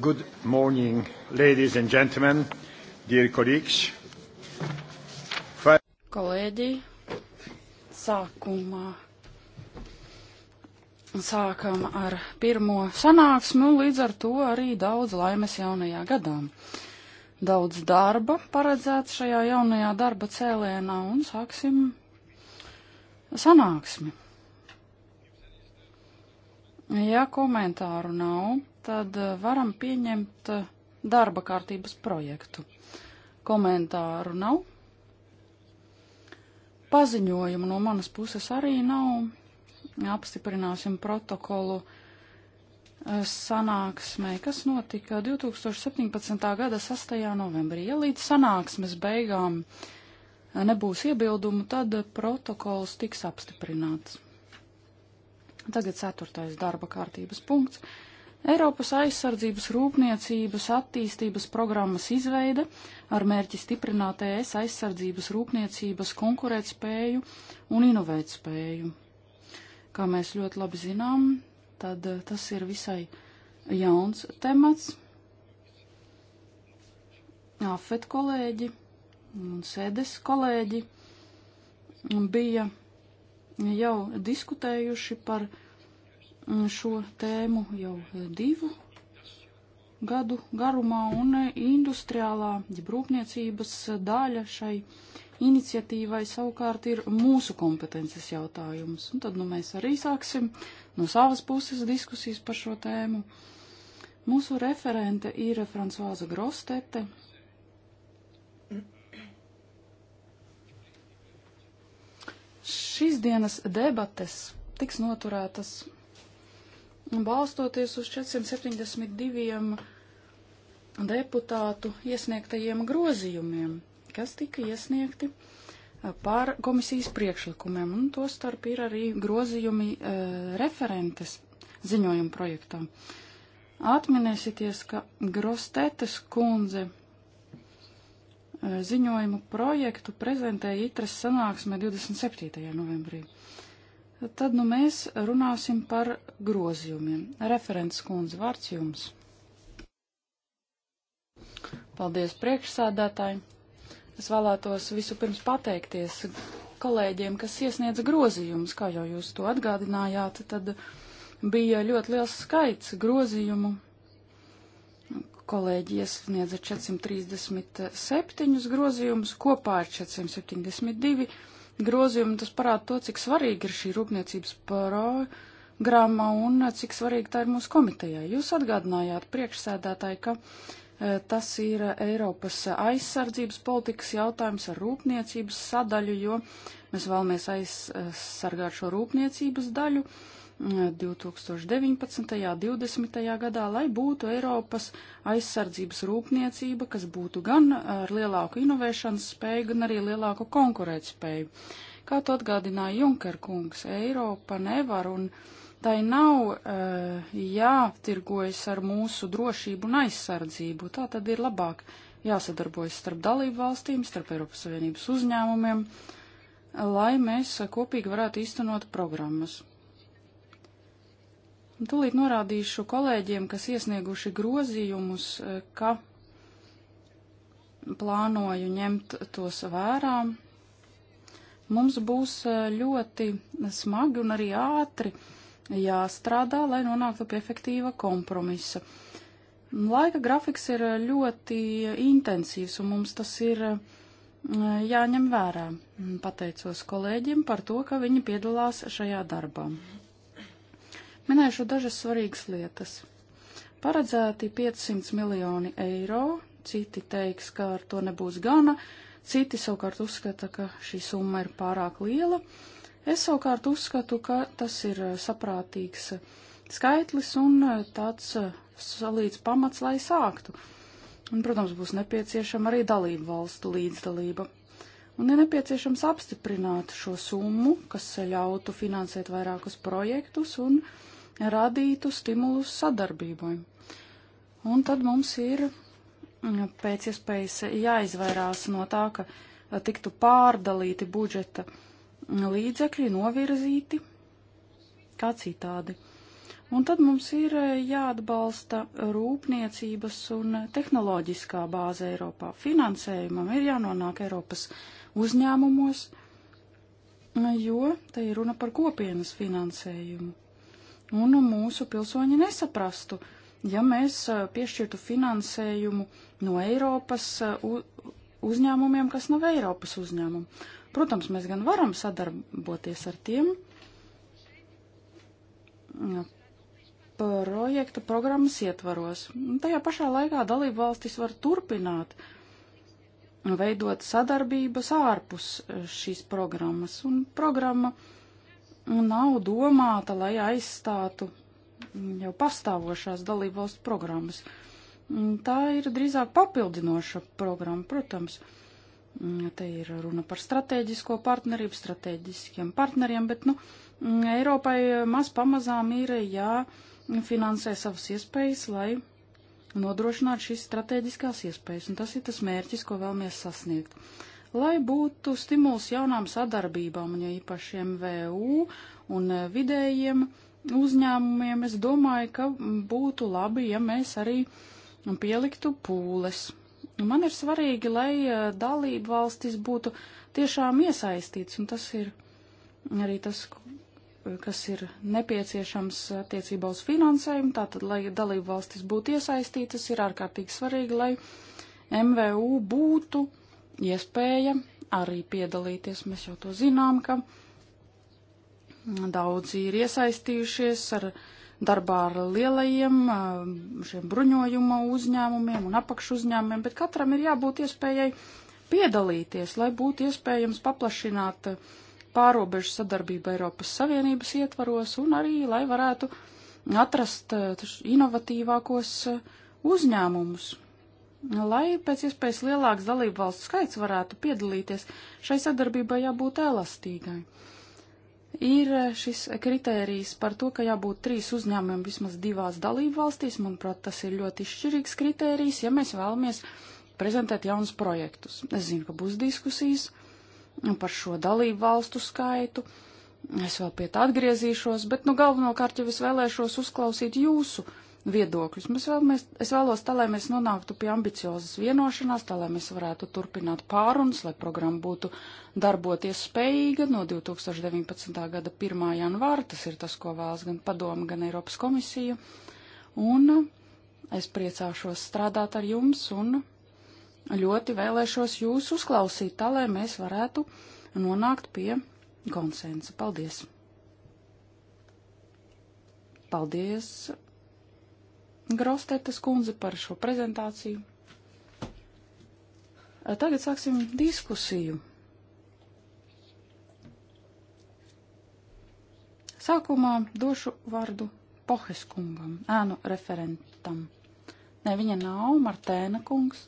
Good morning, ladies and gentlemen, dear colleagues. Fa Kolēģi, sākumā sākam ar pirmo sanāksmu, līdz ar to arī daudz laimes jaunajā gadā. Daudz darba paredzēts šajā jaunajā darba cēlienā un sāksim sanāksmi. Ja komentāru nav, tad eh, varam pieņemt eh, darba kārtības projektu. Komentāru nav. Paziņojumu no manas puses arī nav. Apstiprināsim protokolu eh, sanāksmē, kas notika 2017. gada 6. novembrī. Ja līdz sanāksmes beigām nebūs iebildumu, tad protokols tiks apstiprināts. Tagad ceturtais darba kārtības punkts Eiropas aizsardzības rūpniecības attīstības programmas izveida ar mērķi stiprināt ES aizsardzības rūpniecības konkurētspēju un inovētspēju. Kā mēs ļoti labi zinām, tad eh, tas ir visai jauns temats. Afet kolēģi un sēdes kolēģi bija jau diskutējuši par šo tēmu jau divu gadu garumā, un industriālā ja rūpniecības daļa šai iniciatīvai savukārt ir mūsu kompetences jautājums. Un tad nu, mēs arī sāksim no savas puses diskusijas par šo tēmu. Mūsu referente ir Francoza Grostete. Šīs dienas debates tiks noturētas balstoties uz 472 deputātu iesniegtajiem grozījumiem, kas tika iesniegti eh, pār komisijas priekšlikumiem, un to starp ir arī grozījumi e, referentes ziņojuma projektā. Atminēsieties, ka Grostetes kundze e, ziņojumu projektu prezentēja ITRAS sanāksmē 27. novembrī. E, Tad nu mēs runāsim par grozījumiem. Referents kundze, vārds jums. Paldies priekšsādātāji. Es vēlētos vispirms pateikties kolēģiem, kas iesniedz grozījumus, kā jau jūs to atgādinājāt, tad bija ļoti liels skaits grozījumu. Kolēģi iesniedza 437 grozījumus, kopā ar 472 grozījumi, tas parāda to, cik svarīgi ir šī rūpniecības programma un cik svarīgi tā ir mūsu komitejai. Jūs atgādinājāt priekšsēdētāji, ka e, tas ir Eiropas aizsardzības politikas jautājums ar rūpniecības sadaļu, jo mēs vēlamies aizsargāt šo rūpniecības daļu. Uh, 2019. 20. gadā, lai būtu Eiropas aizsardzības rūpniecība, kas būtu gan ar lielāku inovēšanas spēju, gan arī lielāku konkurētspēju. Kā to atgādināja Junker kungs, Eiropa nevar un tai nav uh, jātirgojas ar mūsu drošību un aizsardzību. Tā tad ir labāk jāsadarbojas starp dalību valstīm, starp Eiropas Savienības uzņēmumiem, lai mēs kopīgi varētu īstenot programmas. Un tūlīt norādīšu kolēģiem, kas iesnieguši grozījumus, e, ka plānoju ņemt tos vērā. Mums būs e, ļoti smagi un arī ātri jāstrādā, lai nonāktu pie efektīva kompromisa. Laika grafiks ir ļoti intensīvs, un mums tas ir e, jāņem vērā. Pateicos kolēģiem par to, ka viņi piedalās šajā darbā. Minēšu dažas svarīgas lietas. Paredzēti 500 miljoni eiro, citi teiks, ka ar to nebūs gana, citi savukārt uzskata, ka šī summa ir pārāk liela. Es savukārt uzskatu, ka tas ir eh, saprātīgs eh, skaitlis un eh, tāds salīdz pamats, lai sāktu. Un, protams, būs nepieciešama arī dalību valstu līdzdalība. Un ir nepieciešams apstiprināt šo summu, kas ļautu finansēt vairākus projektus un projektus radītu stimulus sadarbībai. Un tad mums ir mm, pēc iespējas jāizvairās no tā, ka eh, tiktu pārdalīti budžeta mm, līdzekļi, novirzīti kā citādi. Un tad mums ir eh, jāatbalsta rūpniecības un tehnoloģiskā bāze Eiropā. Finansējumam ir jānonāk Eiropas uzņēmumos, jo te ir runa par kopienas finansējumu un mūsu pilsoņi nesaprastu, ja mēs piešķirtu finansējumu no Eiropas uzņēmumiem, kas nav Eiropas uzņēmumi. Protams, mēs gan varam sadarboties ar tiem projekta programmas ietvaros. Tajā pašā laikā dalību valstis var turpināt veidot sadarbības ārpus šīs programmas, un programma uh, nav domāta, lai aizstātu jau pastāvošās dalībvalstu programmas. Tā ir drīzāk papildinoša programma, protams. Mm, te ir runa par strateģisko partnerību, strateģiskiem partneriem, bet, nu, mm, Eiropai maz pamazām ir jāfinansē savas iespējas, lai nodrošinātu šīs strateģiskās iespējas, un tas ir tas mērķis, ko vēlamies sasniegt. Uh, lai būtu stimuls jaunām sadarbībām, un ja īpašiem VU un eh, vidējiem uzņēmumiem, es domāju, ka būtu labi, ja mēs arī pieliktu pūles. Man ir svarīgi, lai eh, dalību valstis būtu tiešām iesaistīts, un tas ir arī tas, kas ir nepieciešams attiecībā uz finansējumu. Tātad, lai dalību valstis būtu iesaistītas, ir ārkārtīgi svarīgi, lai MVU būtu uh, iespēja arī piedalīties. Mēs jau to zinām, ka daudzi ir iesaistījušies ar darbā ar lielajiem šiem bruņojuma uzņēmumiem un apakšu uzņēmumiem, bet katram ir jābūt iespējai piedalīties, lai būtu iespējams paplašināt pārobežu sadarbību Eiropas Savienības ietvaros un arī, lai varētu atrast inovatīvākos uzņēmumus. Lai pēc iespējas lielāks dalību valstu skaits varētu piedalīties, šai sadarbībai jābūt elastīgai. Ir eh, šis kritērijs par to, ka jābūt trīs uzņēmumiem vismaz divās dalību valstīs. Manuprāt, tas ir ļoti izšķirīgs kritērijs, ja mēs vēlamies prezentēt jaunus projektus. Es zinu, ka būs diskusijas par šo dalību valstu skaitu. Es vēl pie tā atgriezīšos, bet nu galvenokārt jau es vēlēšos uzklausīt jūsu uh, viedokļus. Mēs vēlamies, es vēlos tā, lai mēs nonāktu pie ambiciozas vienošanās, tā, lai mēs varētu turpināt pārunas, lai programma būtu darboties spējīga no 2019. gada 1. janvāra. Tas ir tas, ko vēlas gan padoma, gan Eiropas komisija. Un eh, es priecāšos strādāt ar jums un ļoti vēlēšos jūs uzklausīt, tā, lai mēs varētu nonākt pie konsensa. Paldies! Paldies! Grostetas kundze par šo prezentāciju. Tagad sāksim diskusiju. Sākumā došu vārdu Poheskungam, ēnu referentam. Nē, viņa nav Martēna kungs.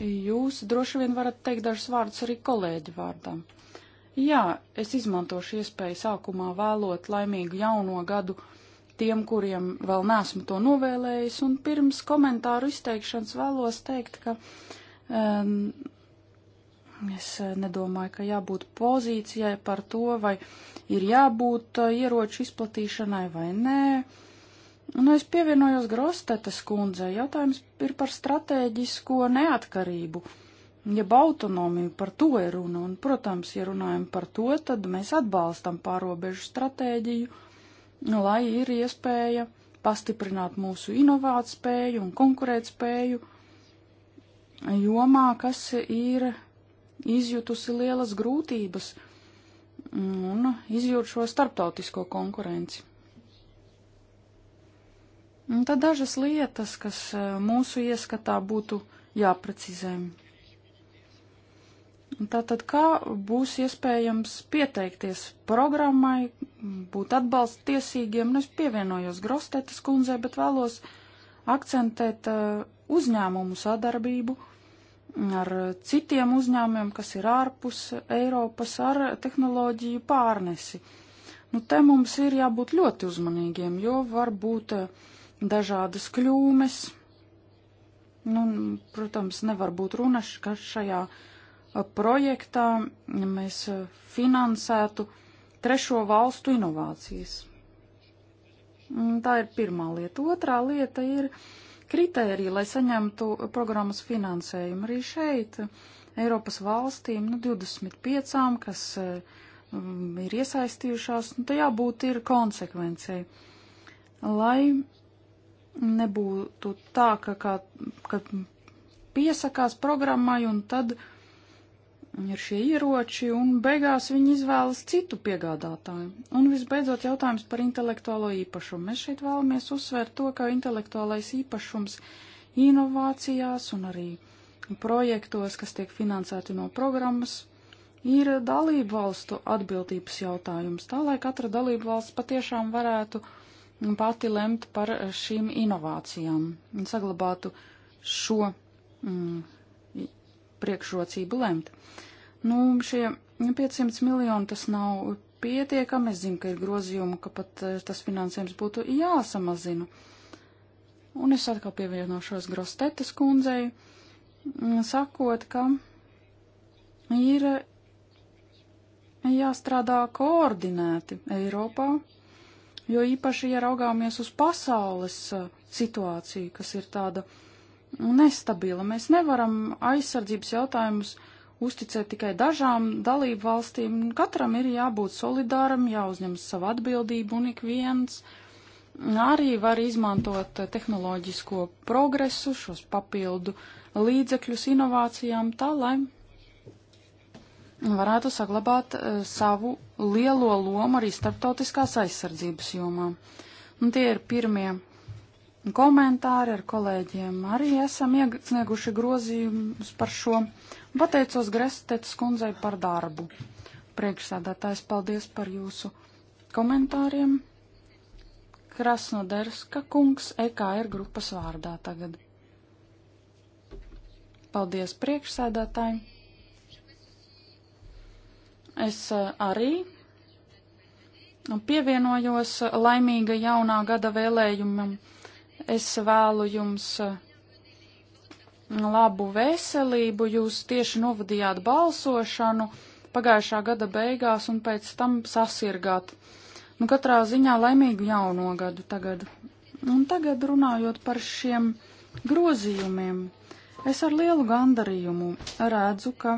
Jūs droši vien varat teikt dažus vārdus arī kolēģi vārdām. Jā, es izmantošu iespēju sākumā vēlot laimīgu jauno gadu tiem, kuriem vēl nesmu to novēlējis, un pirms komentāru izteikšanas vēlos teikt, ka um, es eh, nedomāju, ka jābūt pozīcijai par to, vai ir jābūt eh, ieroču izplatīšanai vai nē. Nu, es pievienojos Grostetes kundzei. Jautājums ir par stratēģisko neatkarību, jeb autonomiju, par to ir runa. Un, protams, ja runājam par to, tad mēs atbalstam pārobežu stratēģiju lai ir iespēja pastiprināt mūsu inovātspēju un konkurētspēju jomā, kas ir izjutusi lielas grūtības un izjūt šo starptautisko konkurenci. Un tad dažas lietas, kas eh, mūsu ieskatā būtu jāprecizē. Tātad, kā būs iespējams pieteikties programmai, būt atbalsta tiesīgiem, nu es pievienojos Grostetas kundzei, bet vēlos akcentēt uh, uzņēmumu sadarbību ar citiem uzņēmumiem, kas ir ārpus Eiropas, ar tehnoloģiju pārnesi. Nu, te mums ir jābūt ļoti uzmanīgiem, jo var būt uh, dažādas kļūmes. Nu, protams, nevar būt runa, ka šajā projektā mēs eh, finansētu trešo valstu inovācijas. Tā ir pirmā lieta. Otrā lieta ir kritērija, lai saņemtu programmas finansējumu. Arī šeit Eiropas valstīm, nu, 25, kas um, ir iesaistījušās, nu, tajā būtu ir konsekvencei. Lai nebūtu tā, ka, kā, ka piesakās programmai un tad uh, ir šie ieroči, un beigās viņi izvēlas citu piegādātāju. Un visbeidzot jautājums par intelektuālo īpašumu. Mēs šeit vēlamies uzsvērt to, ka intelektuālais īpašums inovācijās un arī projektos, kas tiek finansēti no programmas, ir dalību valstu atbildības jautājums, tā lai katra dalību valsts patiešām varētu pati lemt par šīm inovācijām un saglabātu šo mm, priekšrocību lemt. Nu, šie 500 miljoni tas nav pietiekami, es zinu, ka ir grozījumu, ka pat eh, tas finansējums būtu jāsamazina. Un es atkal pievienošos Grostetes kundzei, mm, sakot, ka ir eh, jāstrādā koordinēti Eiropā, jo īpaši, ja raugāmies uz pasaules eh, situāciju, kas ir tāda uh, nestabila. Mēs nevaram aizsardzības jautājumus uzticēt tikai dažām dalību valstīm. Katram ir jābūt solidāram, jāuzņemas savu atbildību un ik viens arī var izmantot tehnoloģisko progresu, šos papildu līdzekļus inovācijām tā, lai varētu saglabāt e, savu lielo lomu arī starptautiskās aizsardzības jomā. Un tie ir pirmie komentāri ar kolēģiem arī esam iesnieguši grozījumus par šo. Pateicos Grestetes kundzei par darbu. Priekšsādātājs paldies par jūsu komentāriem. Krasnoderska kungs EKR grupas vārdā tagad. Paldies priekšsēdētāji. Es e, arī pievienojos laimīga jaunā gada vēlējumam Es vēlu jums uh, labu veselību. Jūs tieši novadījāt balsošanu pagājušā gada beigās un pēc tam sasirgāt. Nu, katrā ziņā laimīgu jauno gadu tagad. Un tagad runājot par šiem grozījumiem, es ar lielu gandarījumu redzu, ka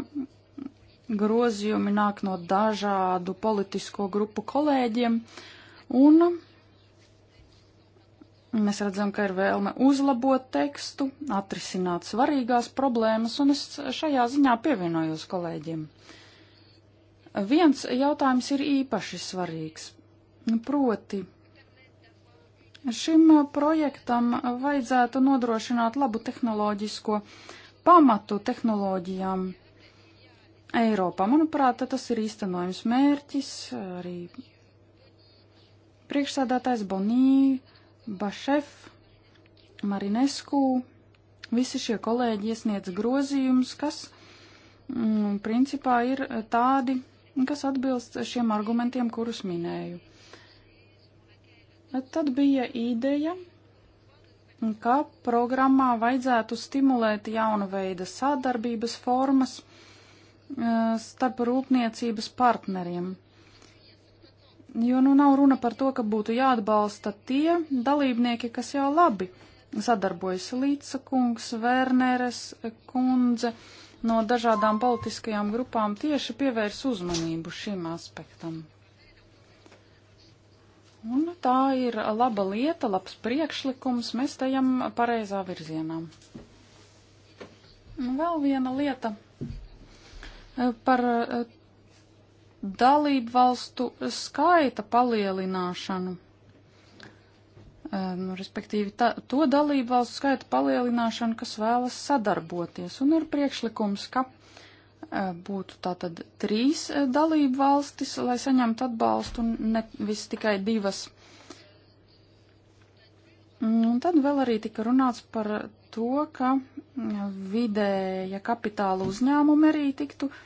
grozījumi nāk no dažādu politisko grupu kolēģiem, un Mēs redzam, ka ir vēlme uzlabot tekstu, atrisināt svarīgās problēmas, un es šajā ziņā pievienojos kolēģiem. Viens jautājums ir īpaši svarīgs. Proti, šim projektam vajadzētu nodrošināt labu tehnoloģisko pamatu tehnoloģijām Eiropā. Manuprāt, tas ir īstenojums mērķis, arī priekšsēdētājs Bonī Bašef, Marinesku, visi šie kolēģi iesniedz grozījums, kas mm, principā ir tādi, kas atbilst šiem argumentiem, kurus minēju. Tad bija ideja, ka programmā vajadzētu stimulēt jaunu veidu sadarbības formas eh, starp rūpniecības partneriem jo nu nav runa par to, ka būtu jāatbalsta tie dalībnieki, kas jau labi sadarbojas Līca kungs, Vērneres kundze no dažādām politiskajām grupām tieši pievērs uzmanību šim aspektam. Un tā ir laba lieta, labs priekšlikums, mēs tajam pareizā virzienā. Vēl viena lieta eh, par eh, dalību valstu skaita palielināšanu. Um, respektīvi, tā, to dalību valstu skaita palielināšanu, kas vēlas sadarboties. Un ir priekšlikums, ka uh, būtu tātad trīs eh, dalību valstis, lai saņemtu atbalstu, un ne viss tikai divas. Mm, un tad vēl arī tika runāts par to, ka eh, vidēja kapitāla uzņēmuma arī tiktu uh,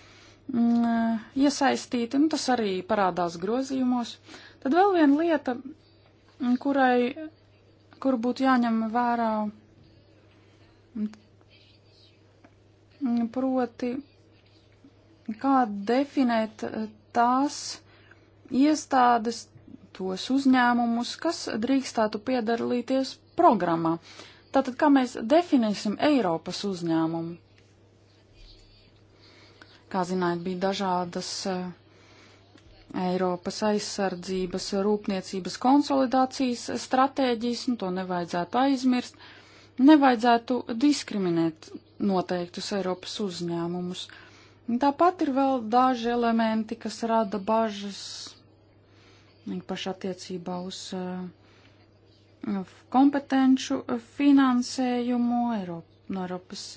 Mm, eh, iesaistīti, un nu, tas arī parādās grozījumos. Tad vēl viena lieta, mm, kurai, kur būtu jāņem vērā, mm, proti, kā definēt eh, tās iestādes, tos uzņēmumus, kas drīkstētu piedalīties programmā. Tātad, kā mēs definēsim Eiropas uzņēmumu? Kā zināt, bija dažādas eh, Eiropas aizsardzības rūpniecības konsolidācijas stratēģijas, un to nevajadzētu aizmirst. Nevajadzētu diskriminēt noteiktus Eiropas uzņēmumus. Tāpat ir vēl daži elementi, kas rada bažas īpaši attiecībā uz eh, kompetenču finansējumu Eiropa, no Eiropas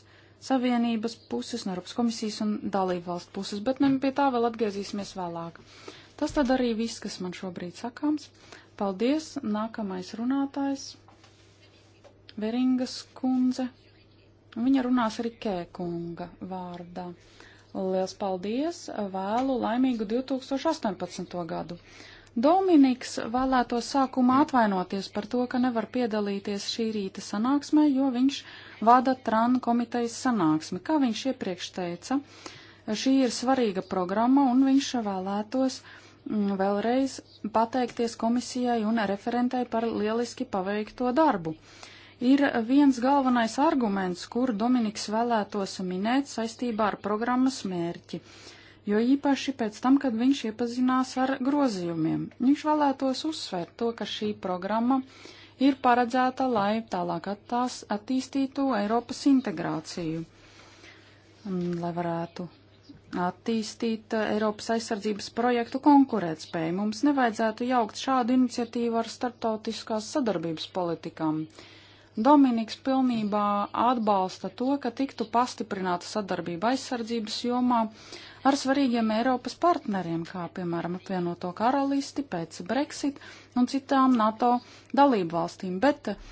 Savienības puses, no Eiropas komisijas un dalību valstu puses, bet ne, nu, pie tā vēl atgriezīsimies vēlāk. Tas tad arī viss, kas man šobrīd sakāms. Paldies! Nākamais runātājs - Veringas kundze. Viņa runās arī Kēkunga vārdā. Liels paldies! Vēlu laimīgu 2018. gadu! Dominiks vēlētos sākumā atvainoties par to, ka nevar piedalīties šī rīta sanāksmē, jo viņš vada TRAN komitejas sanāksmi. Kā viņš iepriekš teica, šī ir svarīga programma un viņš vēlētos mm, vēlreiz pateikties komisijai un referentai par lieliski paveikto darbu. Ir viens galvenais arguments, kur Dominiks vēlētos minēt saistībā ar programmas mērķi. Uh, jo īpaši pēc tam, kad viņš iepazinās ar grozījumiem. Viņš vēlētos uzsvērt to, ka šī programma ir paredzēta, lai tālāk attās, attīstītu Eiropas integrāciju, lai varētu attīstīt eh, Eiropas aizsardzības projektu konkurētspēju. Mums nevajadzētu jaukt šādu iniciatīvu ar starptautiskās sadarbības politikām. Dominiks pilnībā atbalsta to, ka tiktu pastiprināta sadarbība aizsardzības jomā ar svarīgiem Eiropas partneriem, kā piemēram apvienoto karalisti pēc Brexit un citām NATO dalību valstīm, bet eh,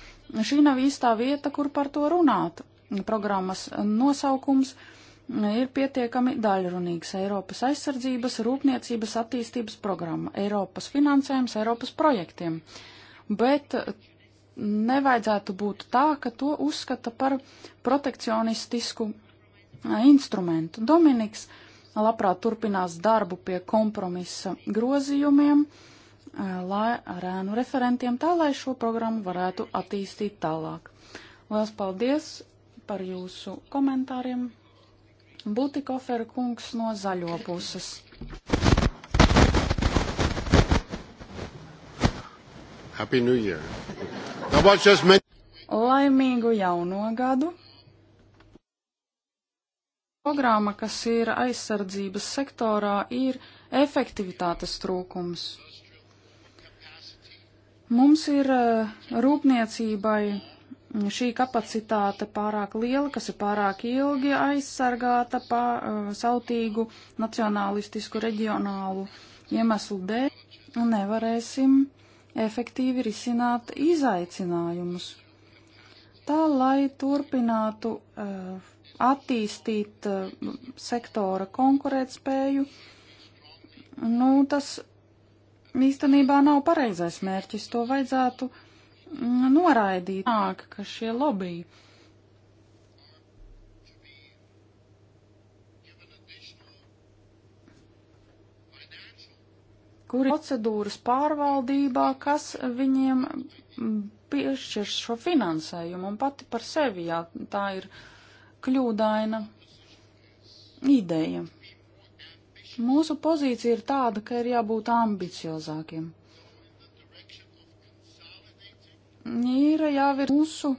šī nav īstā vieta, kur par to runāt. Programmas nosaukums eh, ir pietiekami daļrunīgs Eiropas aizsardzības, rūpniecības attīstības programma, Eiropas finansējums, Eiropas projektiem. Bet eh, nevajadzētu būt tā, ka to uzskata par protekcionistisku instrumentu. Dominiks uh, labprāt turpinās darbu pie kompromisa grozījumiem eh, lai, ar ēnu referentiem, tā lai šo programmu varētu attīstīt tālāk. Lielas paldies par jūsu komentāriem. Butikoferu kungs no zaļo puses. Laimīgu jauno gadu! programma, kas ir aizsardzības sektorā, ir efektivitātes trūkums. Mums ir eh, rūpniecībai šī kapacitāte pārāk liela, kas ir pārāk ilgi aizsargāta pa eh, sautīgu nacionālistisku reģionālu iemeslu dēļ un nevarēsim efektīvi risināt izaicinājumus. Tā, lai turpinātu uh, attīstīt eh, sektora konkurētspēju, nu, tas īstenībā nav pareizais mērķis. To vajadzētu mm, noraidīt. Nāk, ka šie lobby. kuri procedūras pārvaldībā, kas viņiem piešķirs šo finansējumu un pati par sevi, jā, tā ir uh, kļūdaina ideja. Mūsu pozīcija ir tāda, ka ir jābūt ambiciozākiem. Ir jāvir mūsu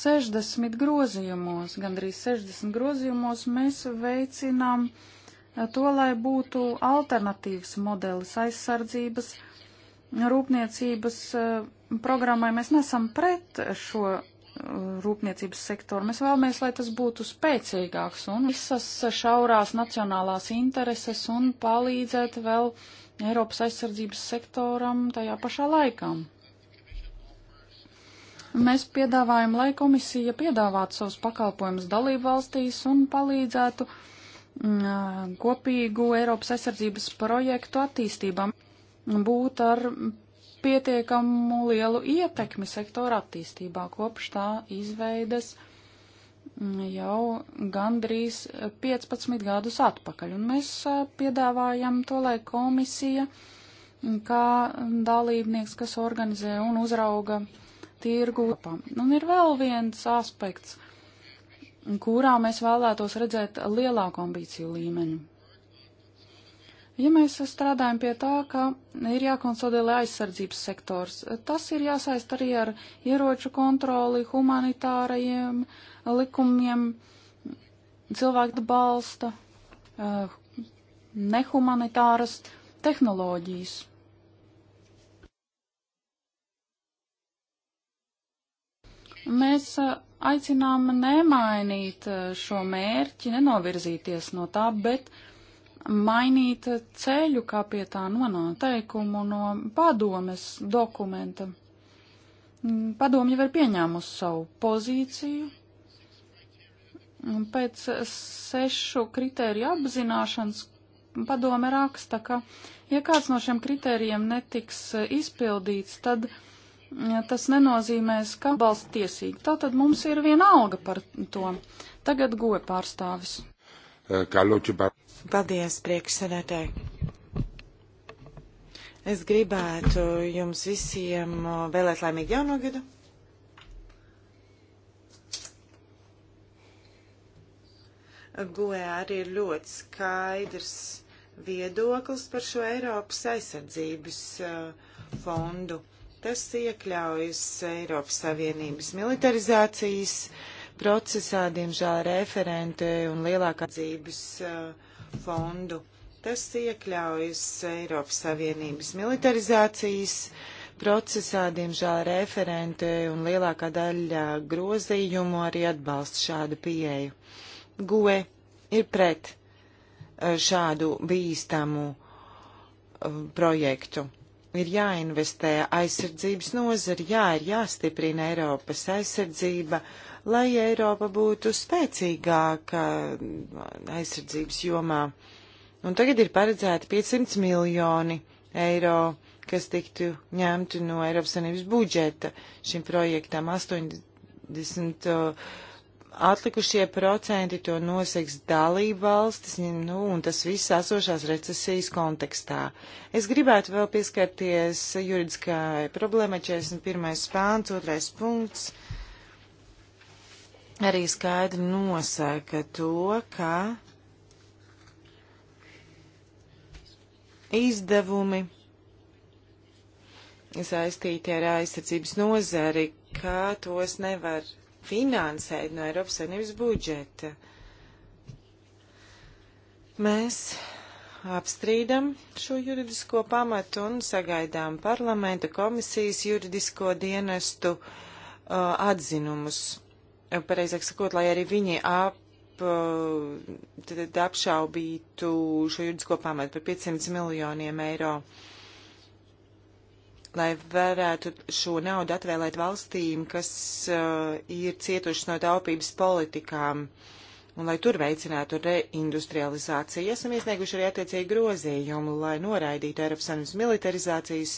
60 grozījumos, gandrīz 60 grozījumos mēs veicinām eh, to, lai būtu alternatīvs modelis aizsardzības rūpniecības eh, programmai. Mēs nesam pret šo rūpniecības sektoru. Mēs vēlamies, lai tas būtu spēcīgāks un visas šaurās nacionālās intereses un palīdzēt vēl Eiropas aizsardzības sektoram tajā pašā laikā. Mēs piedāvājam, lai komisija piedāvātu savus pakalpojumus dalību valstīs un palīdzētu mm, kopīgu Eiropas aizsardzības projektu attīstībām būt ar pietiekamu lielu ietekmi sektora attīstībā kopš tā izveidas mm, jau gandrīz 15 gadus atpakaļ. Un mēs piedāvājam to, lai komisija, mm, kā dalībnieks, kas organizē un uzrauga tirgu, un ir vēl viens aspekts, kurā mēs vēlētos redzēt lielāku ambīciju līmeni. Ja mēs strādājam pie tā, ka ir jākonsolidē aizsardzības sektors, tas ir jāsaist arī ar ieroču kontroli, humanitārajiem likumiem, cilvēku balsta, eh, nehumanitāras tehnoloģijas. Mēs eh, aicinām nemainīt eh, šo mērķi, nenovirzīties no tā, bet uh, mainīt ceļu, kā pie tā nonāk teikumu no padomes dokumenta. Mm, padomi jau ir pieņēmusi savu pozīciju. Pēc sešu kritēriju apzināšanas padome raksta, ka ja kāds no šiem kritērijiem netiks izpildīts, tad mm, tas nenozīmēs, ka balsts tiesīgi. Tātad mums ir viena alga par to. Tagad goja pārstāvis. Καλό και παρακαλώ. Paldies, priekšsēdētāji. Es gribētu jums visiem eh, vēlēt laimīgu jauno gadu. Goē arī ir ļoti skaidrs viedoklis par šo Eiropas aizsardzības eh, fondu. Tas iekļaujas Eiropas Savienības militarizācijas uh, procesā, diemžēl, referente un lielākā dzīves uh, fondu. Tas iekļaujas Eiropas Savienības militarizācijas procesā, diemžēl, referente un lielākā daļa grozījumu arī atbalsta šādu pieeju. GUE ir pret uh, šādu bīstamu uh, projektu ir jāinvestē aizsardzības nozari, jā, ir jāstiprina Eiropas aizsardzība, lai Eiropa būtu spēcīgāka aizsardzības jomā. Un tagad ir paredzēti 500 miljoni eiro, kas tiktu ņemti no Eiropas Savienības budžeta šim projektam 80. Uh, Atlikušie procenti to noseks dalību valstis, nu, un tas viss esošās recesijas kontekstā. Es gribētu vēl pieskarties juridiskai problēmai 41. pāns, 2. punkts. Arī skaidri nosaka to, ka izdevumi saistīti ar aizsardzības nozari, ka tos nevar finansēt no Eiropas Savienības budžeta. Mēs apstrīdam šo juridisko pamatu un sagaidām parlamenta komisijas juridisko dienestu uh, atzinumus. Pareizāk sakot, lai arī viņi ap, uh, apšaubītu šo juridisko pamatu par 500 miljoniem eiro. Uh, lai varētu šo naudu atvēlēt valstīm, kas uh, ir cietušas no taupības politikām, un lai tur veicinātu reindustrializāciju. Esam iesnieguši arī attiecīgi grozījumu, lai noraidītu Eiropas Savienības militarizācijas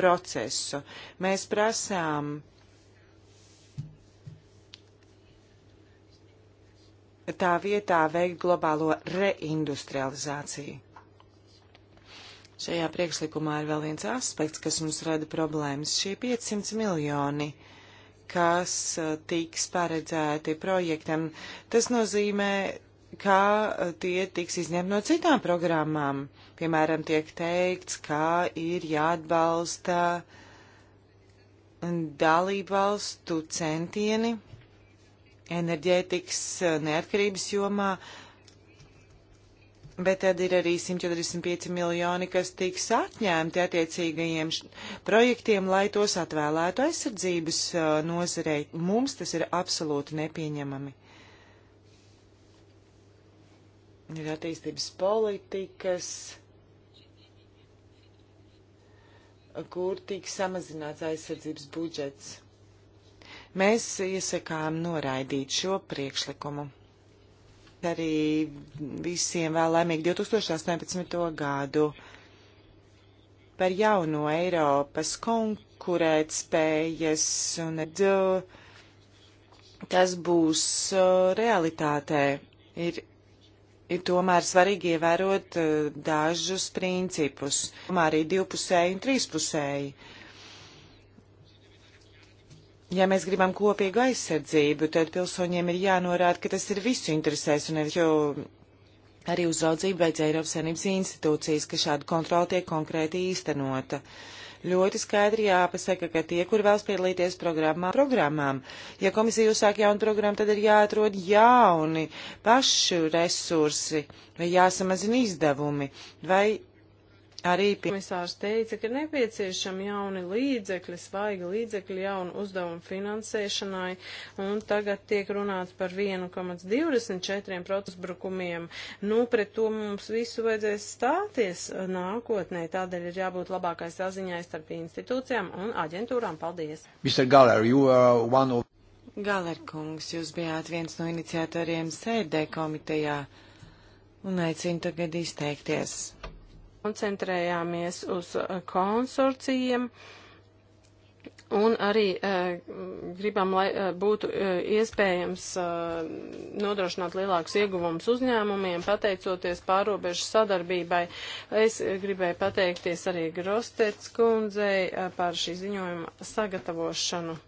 procesu. Mēs prasām tā vietā veikt globālo reindustrializāciju. Šajā priekšlikumā ir vēl viens aspekts, kas mums rada problēmas. Šie 500 miljoni, kas uh, tiks paredzēti projektam, tas nozīmē, ka uh, tie tiks izņemti no citām programmām. Piemēram, tiek teikts, ka ir jāatbalsta dalībvalstu centieni enerģētikas uh, neatkarības jomā, uh, Bet tad ir arī 145 miljoni, kas tiks atņemti attiecīgajiem projektiem, lai tos atvēlētu aizsardzības uh, nozarei. Mums tas ir absolūti nepieņemami. Ir attīstības politikas, kur tiks samazināts aizsardzības budžets. Mēs iesakām noraidīt šo priekšlikumu arī visiem vēl laimīgu 2018. gadu par jauno Eiropas konkurētspējas un tas uh, būs uh, realitātē. Ir, ir tomēr svarīgi ievērot uh, dažus principus, tomēr arī divpusēji un trīspusēji. Uh, ja mēs gribam kopīgu aizsardzību, tad pilsoņiem ir jānorāda, ka tas ir visu interesēs un nevis jau arī uzraudzību veids Eiropas Savienības institūcijas, ka šāda kontrola tiek konkrēti īstenota. Ļoti skaidri jāpasaka, ka tie, kur vēlas piedalīties programmā, programmām, ja komisija uzsāk jaunu programmu, tad ir jāatrod jauni pašu resursi vai jāsamazina izdevumi vai Arī komisārs teica, ka nepieciešami jauni līdzekļi, svaigi līdzekļi jaunu uzdevumu finansēšanai, un tagad tiek runāts par 1,24% uzbrukumiem. Nu, pret to mums visu vajadzēs stāties uh, nākotnē, tādēļ ir jābūt labākai saziņai starp institūcijām un aģentūrām. Paldies! Galler, of... Galer kungs, jūs bijāt viens no iniciatoriem sēdē komitejā, un aicinu tagad izteikties koncentrējāmies uz eh, konsorcijiem. Un arī e, gribam, lai e, būtu e, iespējams e, nodrošināt lielākus ieguvumus uzņēmumiem, pateicoties pārobežu sadarbībai. Es gribēju pateikties arī Grostets kundzei e, par šī ziņojuma sagatavošanu.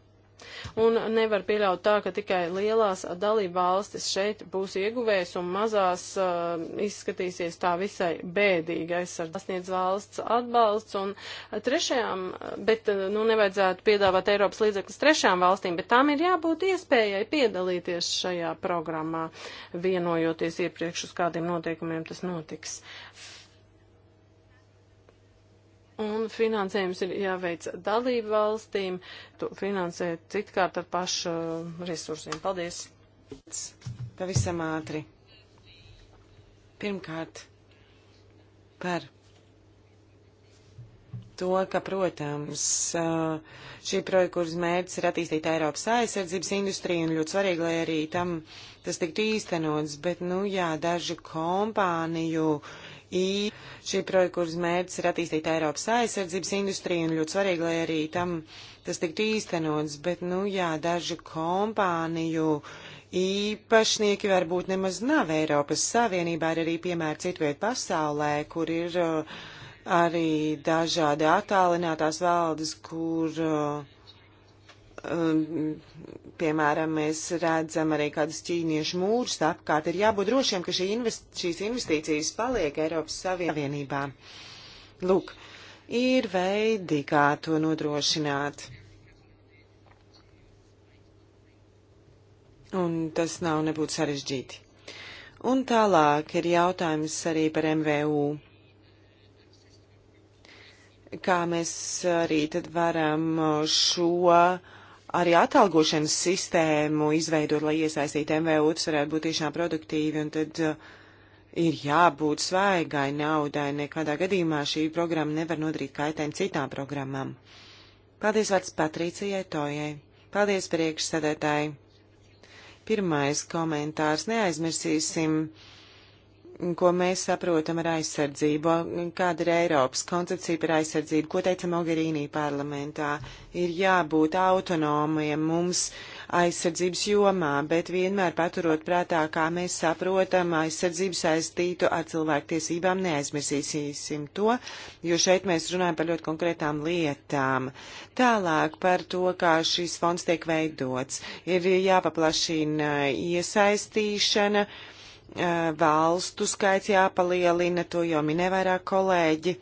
Un nevar pieļaut tā, ka tikai lielās dalība valstis šeit būs ieguvējis un mazās uh, izskatīsies tā visai bēdīgi aizsardzniedz valsts atbalsts. Un trešajām, bet uh, nu nevajadzētu piedāvāt Eiropas līdzekļus trešām valstīm, bet tām ir jābūt iespējai piedalīties šajā programmā, vienojoties iepriekš uz kādiem noteikumiem tas notiks. Un finansējums ir jāveic dalību valstīm, to finansē citkārt ar pašu uh, resursiem. Paldies! Pavisam ātri. Pirmkārt, par to, ka, protams, uh, šī projekta, kuras mērķis ir attīstīt Eiropas aizsardzības industriju, un ļoti svarīgi, lai arī tam tas tiktu īstenots, bet, nu jā, dažu kompāniju uh, ir šī projekta, kuras mērķis ir attīstīt Eiropas aizsardzības industriju, un ļoti svarīgi, lai arī tam tas tiktu īstenots, bet, nu jā, dažu kompāniju īpašnieki varbūt nemaz nav Eiropas Savienībā, ir arī piemēri citviet pasaulē, kur ir uh, arī dažādi attālinātās valdes, kur uh, Um, piemēram, mēs redzam arī kādus ķīniešu mūrus apkārt, ir jābūt drošiem, ka šī invest šīs investīcijas paliek Eiropas Savienībā. Lūk, ir veidi, kā to nodrošināt. Un tas nav nebūtu sarežģīti. Un tālāk ir jautājums arī par MVU kā mēs arī tad varam šo arī atalgošanas sistēmu izveidot, lai iesaistītu MVU, tas varētu būt tiešām produktīvi, un tad uh, ir jābūt svaigai naudai. Nekādā gadījumā šī programma nevar nodarīt kaitējumu citām programmām. Paldies vārds Patricijai Tojai. Paldies priekšsēdētāji. Pirmais komentārs. Neaizmirsīsim ko mēs saprotam ar aizsardzību, kāda ir Eiropas koncepcija par aizsardzību, ko teica Mogherīnī parlamentā. Ir jābūt autonomiem mums aizsardzības jomā, bet vienmēr paturot prātā, kā mēs saprotam aizsardzību saistītu ar cilvēktiesībām, neaizmirsīsim to, jo šeit mēs runājam par ļoti konkrētām lietām. Tālāk par to, kā šis fonds tiek veidots. Ir jāpaplašina iesaistīšana. Uh, Eh, valstu skaits jāpalielina, to jau minēja vairāk kolēģi.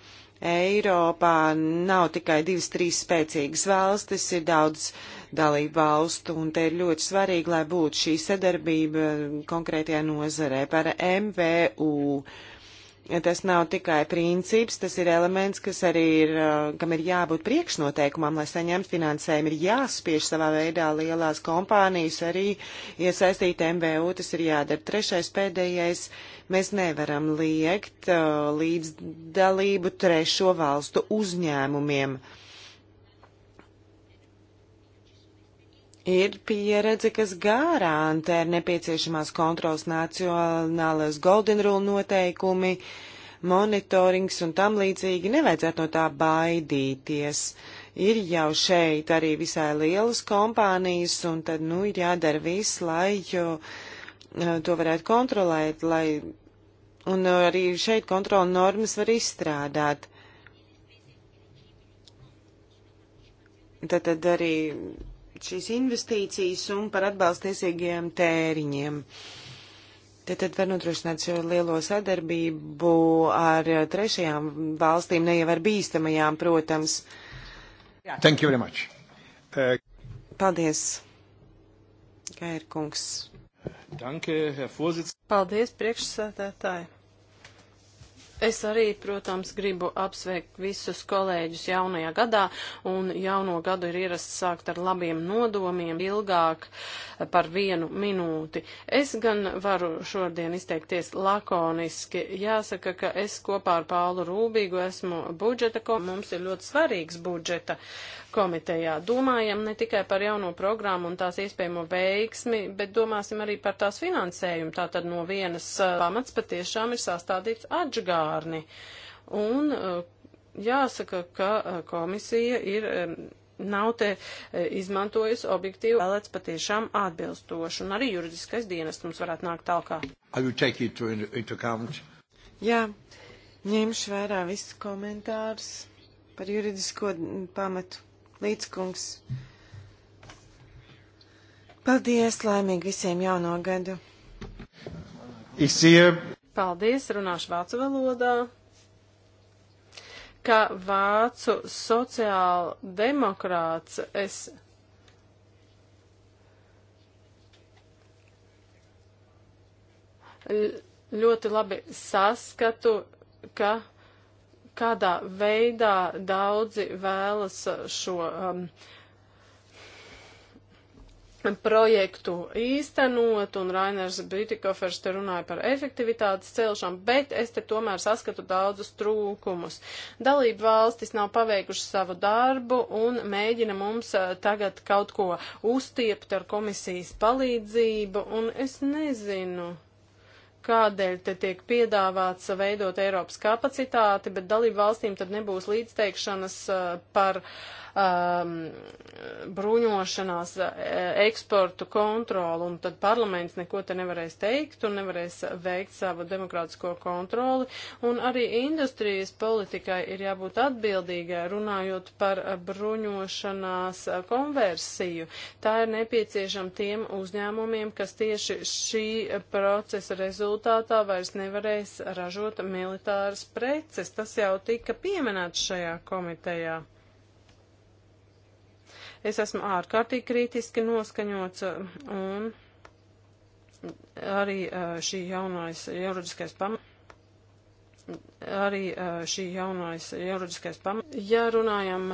Eiropā nav tikai divas, trīs spēcīgas valstis, ir daudz dalību valstu, un te ir ļoti svarīgi, lai būtu šī sadarbība konkrētajā nozarē par MVU. Uh, tas nav tikai princips, tas ir elements, kas arī ir, kam ir jābūt priekšnoteikumam, lai saņemtu finansējumu. Ir jāspiež savā veidā lielās kompānijas arī iesaistīt MVU, tas ir jādara. Trešais pēdējais, mēs nevaram liekt līdzdalību trešo valstu uzņēmumiem. Uh, Ir pieredze, kas garantē nepieciešamās kontrols nacionālais golden rule noteikumi, monitorings un tam līdzīgi nevajadzētu no tā baidīties. Ir jau šeit arī visai lielas kompānijas, un tad, nu, ir jādara viss, lai jo, eh, to varētu kontrolēt, lai, un eh, arī šeit kontrola normas var izstrādāt. Tad, tad arī šīs investīcijas un par atbalstiesīgiem tēriņiem. Te tad var nodrošināt šo lielo sadarbību ar trešajām valstīm, ne jau ar bīstamajām, protams. Thank you very much. Uh... Paldies, Gairkungs. Danke, Herr Vorsitz. Paldies, priekšsēdētāji. Es arī, protams, gribu apsveikt visus kolēģus jaunajā gadā, un jauno gadu ir ierasts sākt ar labiem nodomiem, ilgāk par vienu minūti. Es gan varu šodien izteikties lakoniski. Jāsaka, ka es kopā ar Pālu Rūbīgu esmu budžeta, ko mums ir ļoti svarīgs budžeta komitejā. Domājam ne tikai par jauno programmu un tās iespējamo veiksmi, bet domāsim arī par tās finansējumu. Tātad no vienas pamats patiešām ir sastādīts atžgārni. Un jāsaka, ka komisija ir nav te izmantojusi objektīvu vēlēts patiešām atbilstošu, un arī juridiskais dienas mums varētu nākt tālkā. Jā, ņemšu vērā visus komentārus par juridisko pamatu līdzkungs. Paldies, laimīgi visiem jauno gadu. Izsie. Paldies, runāšu vācu valodā ka vācu sociāla demokrāts es ļoti labi saskatu, ka kādā veidā daudzi vēlas šo um, projektu īstenot, un Rainers Bitikofers te runāja par efektivitātes celšanu, bet es te tomēr saskatu daudzus trūkumus. Dalība valstis nav paveikuši savu darbu un mēģina mums uh, tagad kaut ko uztiept ar komisijas palīdzību, un es nezinu kādēļ te tiek piedāvāts veidot Eiropas kapacitāti, bet dalību valstīm tad nebūs līdzteikšanas uh, par um, bruņošanās uh, eksportu kontroli, un tad parlaments neko te nevarēs teikt un nevarēs veikt savu demokrātisko kontroli, un arī industrijas politikai ir jābūt atbildīgai, runājot par uh, bruņošanās konversiju. Tā ir nepieciešama tiem uzņēmumiem, kas tieši šī procesa rezultātā rezultātā vairs nevarēs ražot militāras preces. Tas jau tika pieminēts šajā komitejā. Es esmu ārkārtīgi kritiski noskaņots un arī šī jaunais juridiskais pamats. Arī šī jaunais juridiskais pamats. Ja runājam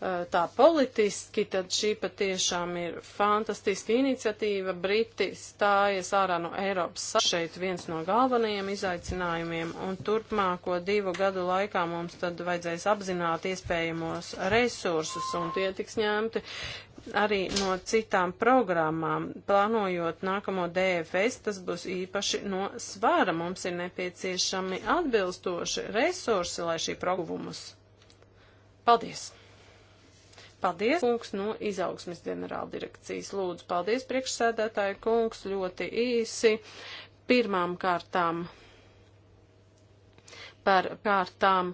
Eh, tā politiski, tad šī patiešām ir fantastiska iniciatīva. Briti stājas ārā no Eiropas šeit viens no galvenajiem izaicinājumiem, un turpmāko divu gadu laikā mums tad vajadzēs apzināt iespējamos resursus, un tie tiks ņemti arī no citām programmām. Plānojot nākamo DFS, tas būs īpaši no svāra. Mums ir nepieciešami atbilstoši resursi, lai šī programmas. Paldies! Paldies, kungs, no izaugsmes ģenerāla direkcijas. Lūdzu, paldies, priekšsēdētāji, kungs, ļoti īsi. Pirmām kārtām par kārtām.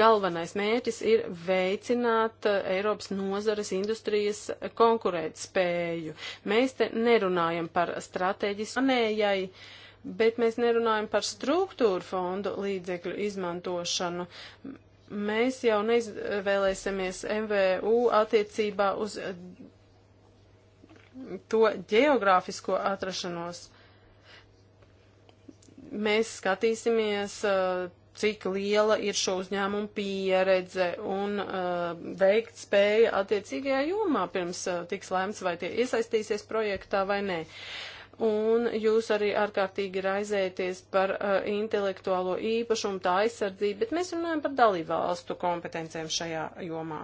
Galvenais mērķis ir veicināt eh, Eiropas nozares industrijas konkurētspēju. Mēs te nerunājam par strateģiskanējai, bet mēs nerunājam par struktūru fondu līdzekļu izmantošanu. Mēs jau neizvēlēsimies MVU attiecībā uz eh, to geogrāfisko atrašanos. Mēs skatīsimies, eh, cik liela ir šo uzņēmumu pieredze un uh, veikt spēja attiecīgajā jomā, pirms uh, tiks lēmts, vai tie iesaistīsies projektā vai nē un jūs arī ārkārtīgi raizēties par uh, intelektuālo īpašumu, tā aizsardzību, bet mēs runājam par dalībvalstu kompetencijām šajā jomā.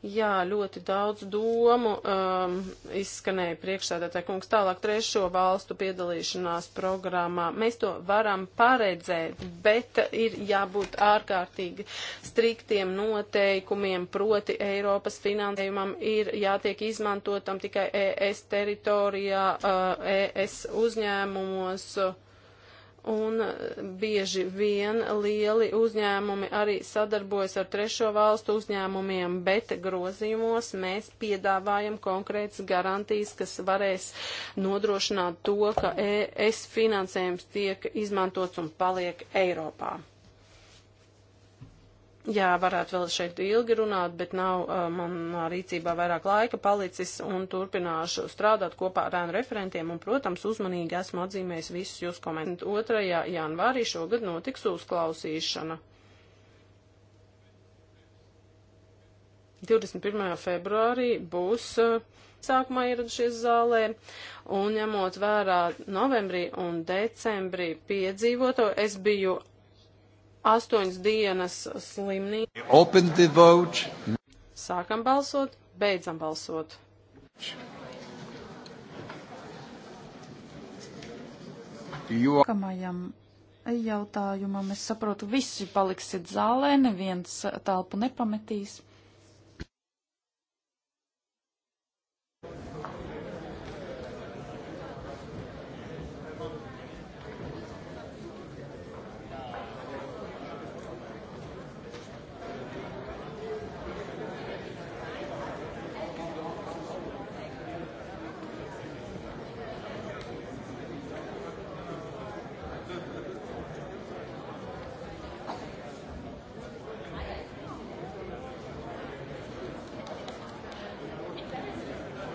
Jā, ļoti daudz domu um, izskanēja priekšsēdētāji kungs tālāk trešo valstu piedalīšanās programmā. Mēs to varam paredzēt, bet ir jābūt ārkārtīgi striktiem noteikumiem, proti Eiropas finansējumam ir jātiek izmantotam tikai ES teritorijā, uh, ES uzņēmumos. Uh, Un e, bieži vien lieli uzņēmumi arī sadarbojas ar trešo valstu uzņēmumiem, bet grozījumos mēs piedāvājam konkrētas garantijas, kas varēs nodrošināt to, ka ES finansējums tiek izmantots un paliek Eiropā. Jā, varētu vēl šeit ilgi runāt, bet nav uh, manā rīcībā vairāk laika palicis un turpināšu strādāt kopā ar ēnu referentiem un, protams, uzmanīgi esmu atzīmējis visus jūs komentus. 2. janvārī šogad notiks uzklausīšana. 21. februārī būs uh, sākumā ieradušies zālē un ņemot vērā novembrī un decembrī piedzīvoto, es biju Astoņas dienas slimnīca. Sākam balsot, beidzam balsot. Jo. Kamajam jautājumam es saprotu, visi paliksiet zālē, neviens telpu nepametīs.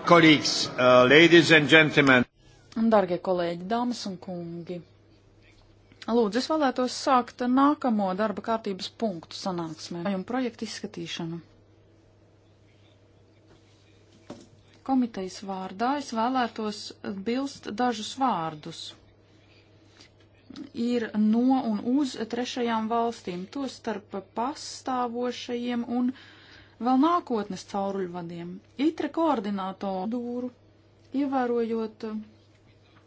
Colleagues, uh, ladies and gentlemen. Dargie kolēģi, dāmas un kungi. Lūdzu, es vēlētos sākt nākamo darba kārtības punktu sanāksmē un projektu izskatīšanu. Komitejas vārdā es vēlētos bilst dažus vārdus ir no un uz trešajām valstīm, to starp pastāvošajiem un vēl nākotnes cauruļvadiem, itra koordinātoru dūru, ievērojot eh,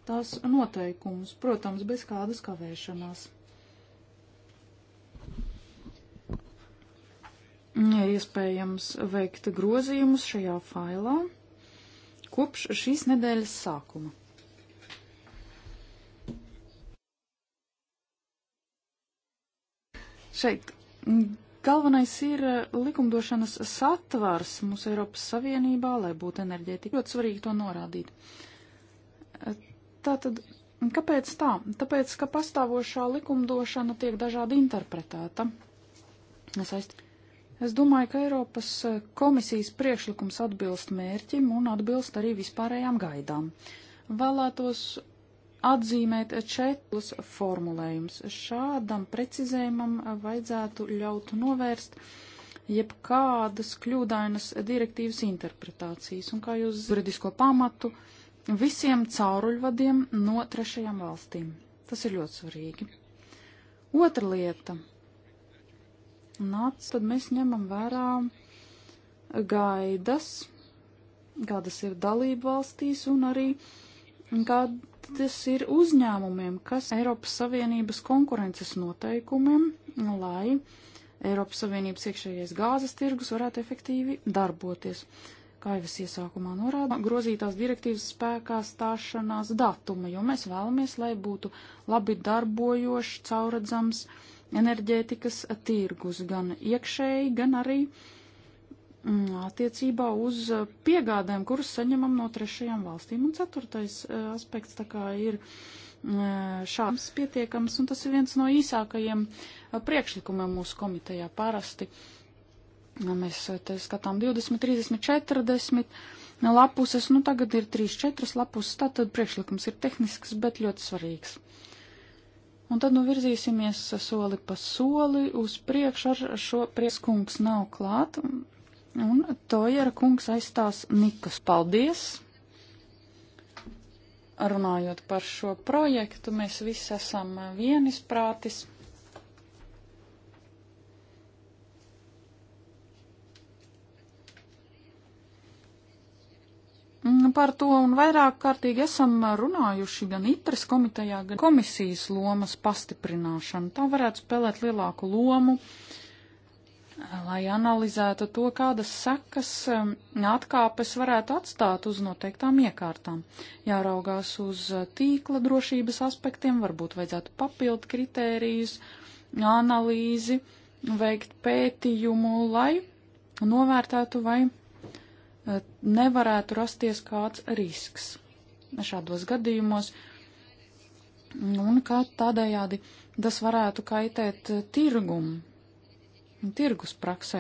tās noteikumus, protams, bez kādas kavēšanās. Ja iespējams veikt grozījumus šajā failā kopš šīs nedēļas sākuma. Šeit Galvenais ir eh, likumdošanas satvars mūsu Eiropas Savienībā, lai būtu enerģētika. Ļoti svarīgi to norādīt. Eh, tātad, kāpēc tā? Tāpēc, ka pastāvošā likumdošana tiek dažādi interpretēta. Es, aizt... es domāju, ka Eiropas eh, komisijas priekšlikums atbilst mērķim un atbilst arī vispārējām gaidām. Vēlētos atzīmēt četrus formulējumus. Šādam precizējumam vajadzētu ļaut novērst jebkādas kļūdainas direktīvas interpretācijas un kā jūs juridisko pamatu visiem cauruļvadiem no trešajām valstīm. Tas ir ļoti svarīgi. Otra lieta. Nāc, tad mēs ņemam vērā gaidas, kādas ir dalību valstīs un arī uh, kādas ir uzņēmumiem, kas Eiropas Savienības konkurences noteikumiem, lai Eiropas Savienības iekšējais gāzes tirgus varētu efektīvi darboties. Kā jau es iesākumā norādīju, grozītās direktīvas spēkā stāšanās datuma, jo mēs vēlamies, lai būtu labi darbojošs, cauradzams enerģētikas tirgus gan iekšēji, gan arī uh, Mm, attiecībā uz uh, piegādēm, kuras saņemam no trešajām valstīm. Un ceturtais uh, aspekts tā kā ir uh, šāds pietiekams, un tas ir viens no īsākajiem priekšlikumiem mūsu komitejā parasti. Mēs te skatām 20, 30, 40 lapuses, nu tagad ir 3, 4 lapuses, tātad priekšlikums ir tehnisks, bet ļoti svarīgs. Un tad nu virzīsimies soli pa soli uz priekšu ar šo prieskungs nav klāt, Un Tojera kungs aizstās Nikas. Paldies! Runājot par šo projektu, mēs visi esam vienisprātis. Par to un vairāk kārtīgi esam runājuši gan ITRES komitejā, gan komisijas lomas pastiprināšanu. Tā varētu spēlēt lielāku lomu uh, lai analizētu to, kādas sekas um, atkāpes varētu atstāt uz noteiktām iekārtām. Jāraugās uz uh, tīkla drošības aspektiem, varbūt vajadzētu papildu kritērijus, analīzi, veikt pētījumu, lai novērtētu, vai uh, nevarētu rasties kāds risks šādos gadījumos, un kā tādējādi tas varētu kaitēt uh, tirgumu tirgus praksē.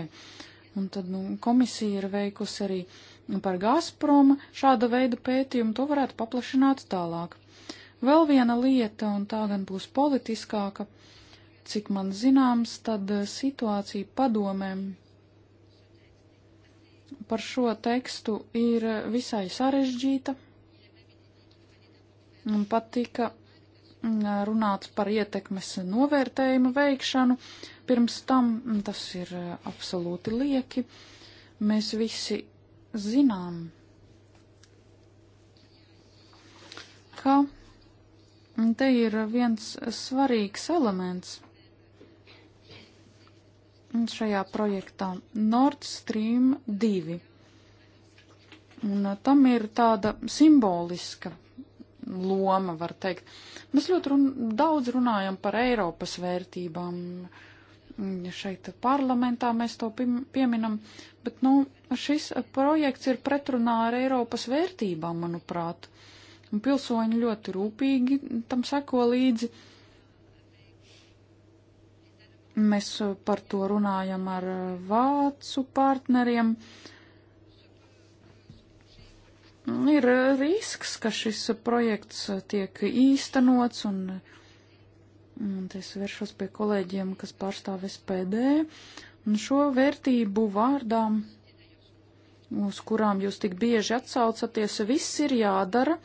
Un tad nu, komisija ir veikusi arī par Gazpromu šāda veida pētījumu, to varētu paplašināt tālāk. Vēl viena lieta, un tā gan būs politiskāka, cik man zināms, tad eh, situācija padomēm par šo tekstu ir eh, visai sarežģīta. Un patika runāts par ietekmes novērtējumu veikšanu. Pirms tam mm, tas ir eh, absolūti lieki. Mēs visi zinām, ka te ir viens svarīgs elements šajā projektā - Nord Stream 2. Un eh, tam ir tāda simboliska loma, var teikt. Mēs ļoti run, daudz runājam par Eiropas vērtībām. Šeit parlamentā mēs to pieminam, bet, nu, šis projekts ir pretrunā ar Eiropas vērtībām, manuprāt. Un pilsoņi ļoti rūpīgi tam seko līdzi. Mēs par to runājam ar vācu partneriem. Uh, ir eh, risks, ka šis projekts eh, tiek īstenots, un, un es vēršos pie kolēģiem, kas pārstāv SPD, un šo vērtību vārdām, uz kurām jūs tik bieži atsaucaties, viss ir jādara,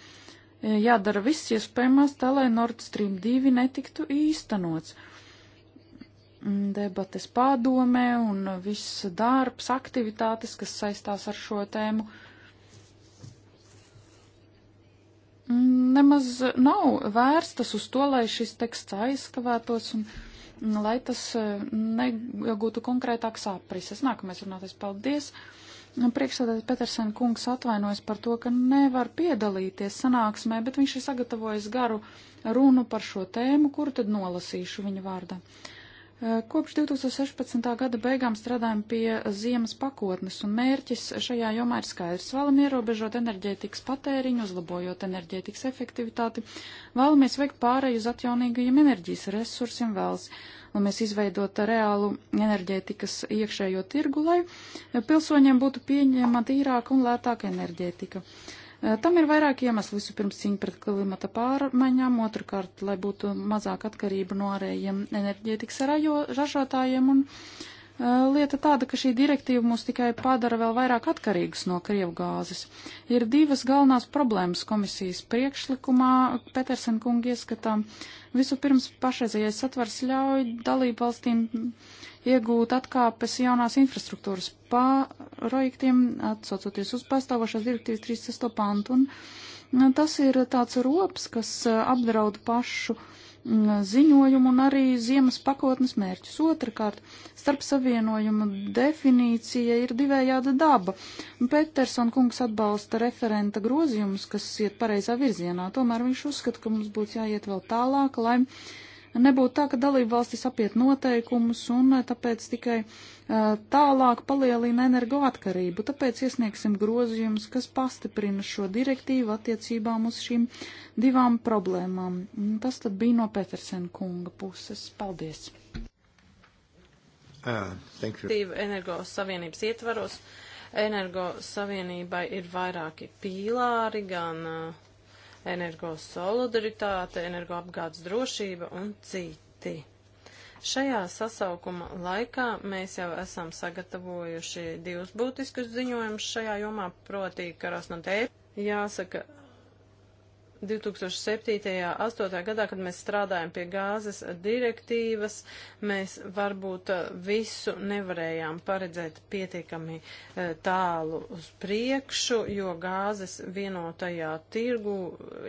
eh, jādara viss iespējamās, tā lai Nord Stream 2 netiktu īstenots. Debates pārdomē un viss darbs, aktivitātes, kas saistās ar šo tēmu, uh, nemaz nav vērstas uz to, lai šis teksts aizskavētos un lai tas e, negūtu konkrētāks aprises. Nākamais runātais paldies. Nu, priekšsēdētājs Petersen kungs atvainojas par to, ka nevar piedalīties sanāksmē, bet viņš ir sagatavojis garu runu par šo tēmu, kuru tad nolasīšu viņa vārdā. Uh, Eh, kopš 2016. gada beigām strādājam pie ziemas pakotnes, un mērķis šajā jomā ir skaidrs. Vēlam ierobežot enerģētikas patēriņu, uzlabojot enerģētikas efektivitāti, vēlamies veikt pārēju uz atjaunīgajiem enerģijas resursiem, vēlas, vēlamies izveidot reālu enerģētikas iekšējo tirgu, lai pilsoņiem būtu pieņemama tīrāka un lētāka enerģētika. Tam ir vairāk iemeslu. Vispirms cīņa pret klimata pārmaiņām, otrkārt, lai būtu mazāk atkarība no ārējiem enerģētikas ražotājiem. Un uh, lieta tāda, ka šī direktīva mūs tikai padara vēl vairāk atkarīgus no Krievu gāzes. Ir divas galvenās problēmas komisijas priekšlikumā, Petersen kungi ieskatām. Vispirms pašreizējais satvars ļauj dalību valstīm. Uh, iegūt atkāpes jaunās infrastruktūras projektiem, atsaucoties uz pastāvošās direktīvas 36. pantu. Un tas ir tāds rops, kas uh, apdraud pašu mm, ziņojumu un arī ziemas pakotnes mērķus. Otrakārt, starp savienojuma definīcija ir divējāda daba. Peterson kungs atbalsta referenta grozījumus, kas iet pareizā virzienā. Tomēr viņš uzskata, ka mums būtu jāiet vēl tālāk, lai Nebūtu tā, ka dalība valstis apiet noteikumus un eh, tāpēc tikai eh, tālāk palielina energoatkarību. Tāpēc iesniegsim grozījumus, kas pastiprina šo direktīvu attiecībām uz šīm divām problēmām. Tas tad bija no Petersen kunga puses. Paldies! Ah, Tīva energo savienības ietvaros. Energo savienībai ir vairāki pīlāri, gan uh, energosolidaritāte, energoapgādes drošība un citi. Šajā sasaukuma laikā mēs jau esam sagatavojuši divus būtiskus ziņojumus šajā jomā, proti Karasnodē. Jāsaka, 2007. 8. gadā, kad mēs strādājam pie gāzes direktīvas, mēs varbūt visu nevarējām paredzēt pietiekami eh, tālu uz priekšu, jo gāzes vienotajā tirgu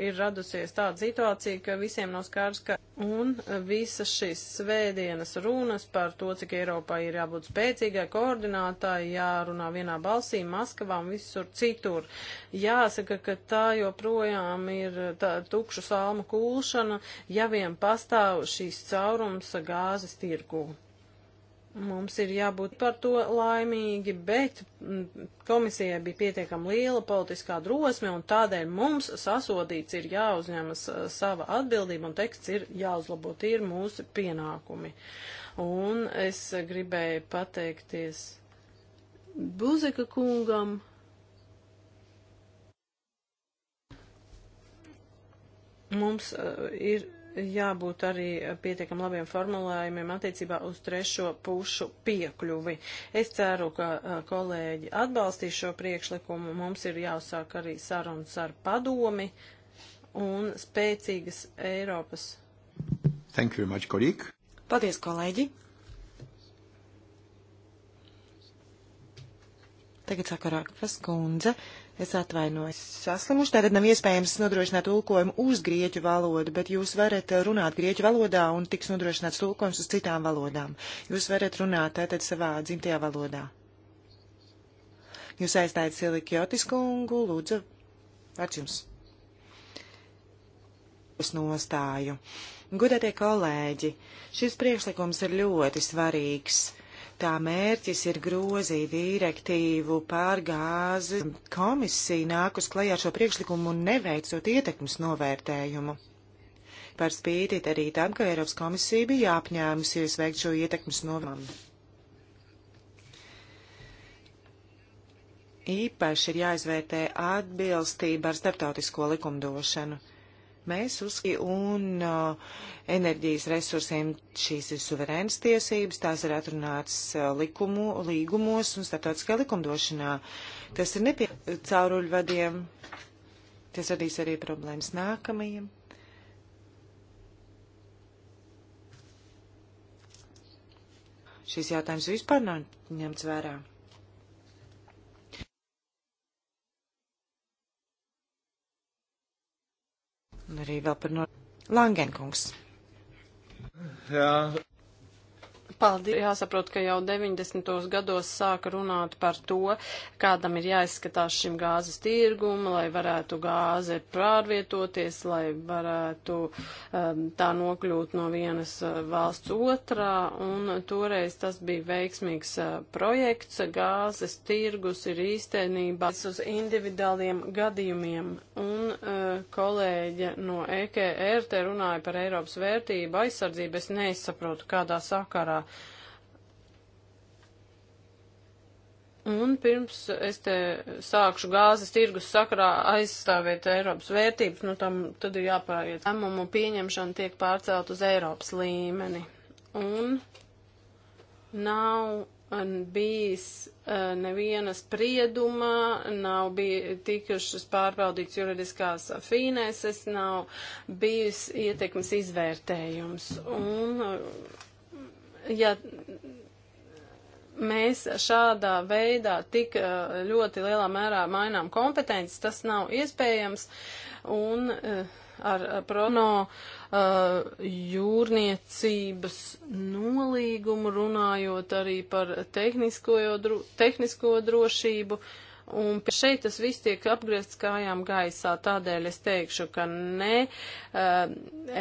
ir radusies tāda situācija, ka visiem nav skārs, ka un visas šīs svētdienas runas par to, cik Eiropā ir jābūt spēcīgai koordinātāji, jārunā vienā balsī Maskavā un visur citur. Jāsaka, ka tā joprojām ir tā, tukšu salmu kūšana, ja vien pastāv šīs caurums gāzes tirgū. Mums ir jābūt par to laimīgi, bet mm, komisijai bija pietiekami liela politiskā drosme, un tādēļ mums sasodīts ir jāuzņemas e, sava atbildība, un teksts ir jāuzlabo, tie ir mūsu pienākumi. Un es gribēju pateikties Buzika kungam Mums uh, ir jābūt arī pietiekam labiem formulējumiem attiecībā uz trešo pušu piekļuvi. Es ceru, ka eh, kolēģi atbalstīs šo priekšlikumu. Mums ir jāuzsāk arī sarunas ar padomi un spēcīgas Eiropas. Thank you very much, kolēģi. Paldies, kolēģi. Tagad saka Rakfas kundze. Uh, Es atvainojos. Saslimuši tātad nav iespējams nodrošināt tulkojumu uz grieķu valodu, bet jūs varat runāt grieķu valodā un tiks nodrošināts tulkojums uz citām valodām. Jūs varat runāt tātad savā dzimtajā valodā. Jūs aizstājat Silikjotis kungu, lūdzu, vārds jums. Es nostāju. Gudētie kolēģi, šis priekšlikums ir ļoti svarīgs Tā mērķis ir grozīt direktīvu pār gāzi. Komisija nāk uz klajā šo priekšlikumu neveicot ietekmes novērtējumu. Par spīti arī tam, ka Eiropas komisija bija apņēmusies veikt šo ietekmes novērtējumu. Īpaši ir jāizvērtē atbilstība ar starptautisko likumdošanu. Mēs uzskatām, un uh, enerģijas resursiem šīs ir suverēnas tiesības, tās ir atrunātas uh, likumu, līgumos un starptautiskajā likumdošanā. Tas ir nepie cauruļvadiem. Tas radīs arī problēmas nākamajiem. Šis jautājums vispār nav ņemts vērā. Un arī vēl par no... Langenkungs. Jā. Paldies. Jāsaprot, ka jau 90. gados sāka runāt par to, kādam ir jāizskatās šim gāzes tirgum, lai varētu gāze pārvietoties, lai varētu um, tā nokļūt no vienas uh, valsts otrā. Un toreiz tas bija veiksmīgs uh, projekts. Gāzes tirgus ir īstenībā uz individuāliem gadījumiem. Un uh, kolēģe no EKR te runāja par Eiropas vērtību aizsardzību. Es nesaprotu, kādā sakarā Un pirms es te sākšu gāzes tirgus sakarā aizstāvēt Eiropas vērtības, nu tam tad ir jāpāriet. Lēmumu pieņemšana tiek pārcelt uz Eiropas līmeni. Un nav bijis eh, neviena sprieduma, nav bija tikušas pārbaudīts juridiskās fīnēses, nav bijis ietekmes izvērtējums. Un, eh, ja mēs šādā veidā tik uh, ļoti lielā mērā mainām kompetences, tas nav iespējams. Un uh, ar uh, prono jūrniecības nolīgumu runājot arī par tehnisko, dro, tehnisko drošību. Un šeit tas viss tiek apgriezts kājām gaisā, tādēļ es teikšu, ka ne uh,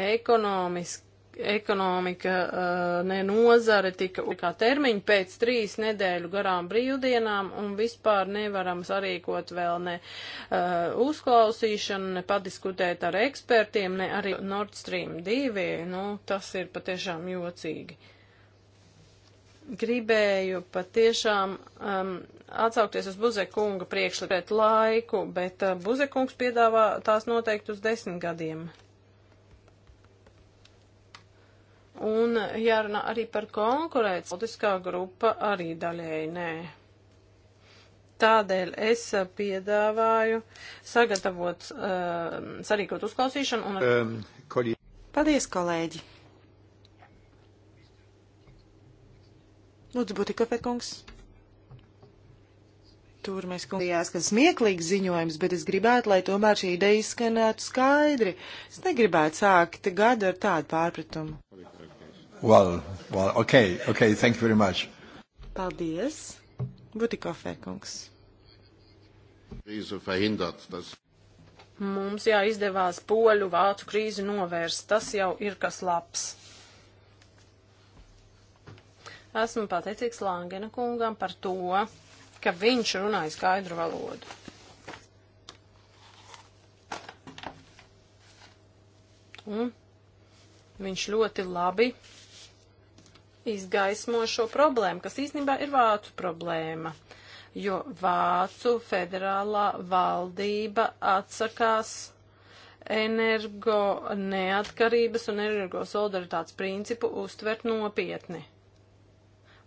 ekonomiski ekonomika, eh, ne nozare tika kā termiņi pēc trīs nedēļu garām brīvdienām un vispār nevaram sarīkot vēl ne eh, uzklausīšanu, ne padiskutēt ar ekspertiem, ne arī Nord Stream 2. Nu, tas ir patiešām jocīgi gribēju patiešām um, atsaukties uz Buzekunga priekšlikēt laiku, bet uh, Buzekungs piedāvā tās noteikti uz desmit gadiem. Un jārunā arī par konkurēts. Politiskā grupa arī daļēji nē. Tādēļ es piedāvāju sagatavot, uh, sarīkot uzklausīšanu un. Um, kolī... Paldies, kolēģi! Lūdzu, Butikofē kungs. Tur mēs kungs, ka smieklīgs ziņojums, bet es gribētu, lai tomēr šī ideja izskanētu skaidri. Es negribētu sākt gadu ar tādu pārpratumu. Paldies. Well, well, okay, okay, thank you very much. Paldies. Butikofer kungs. Krīze verhindert. Das... Mums jā, izdevās poļu vācu krīzi novērst. Tas jau ir kas labs. Esmu pateicīgs Langena kungam par to, ka viņš runāja skaidru valodu. Un viņš ļoti labi izgaismo šo problēmu, kas īstenībā ir vācu problēma, jo vācu federālā valdība atsakās energo neatkarības un energo solidaritātes principu uztvert nopietni.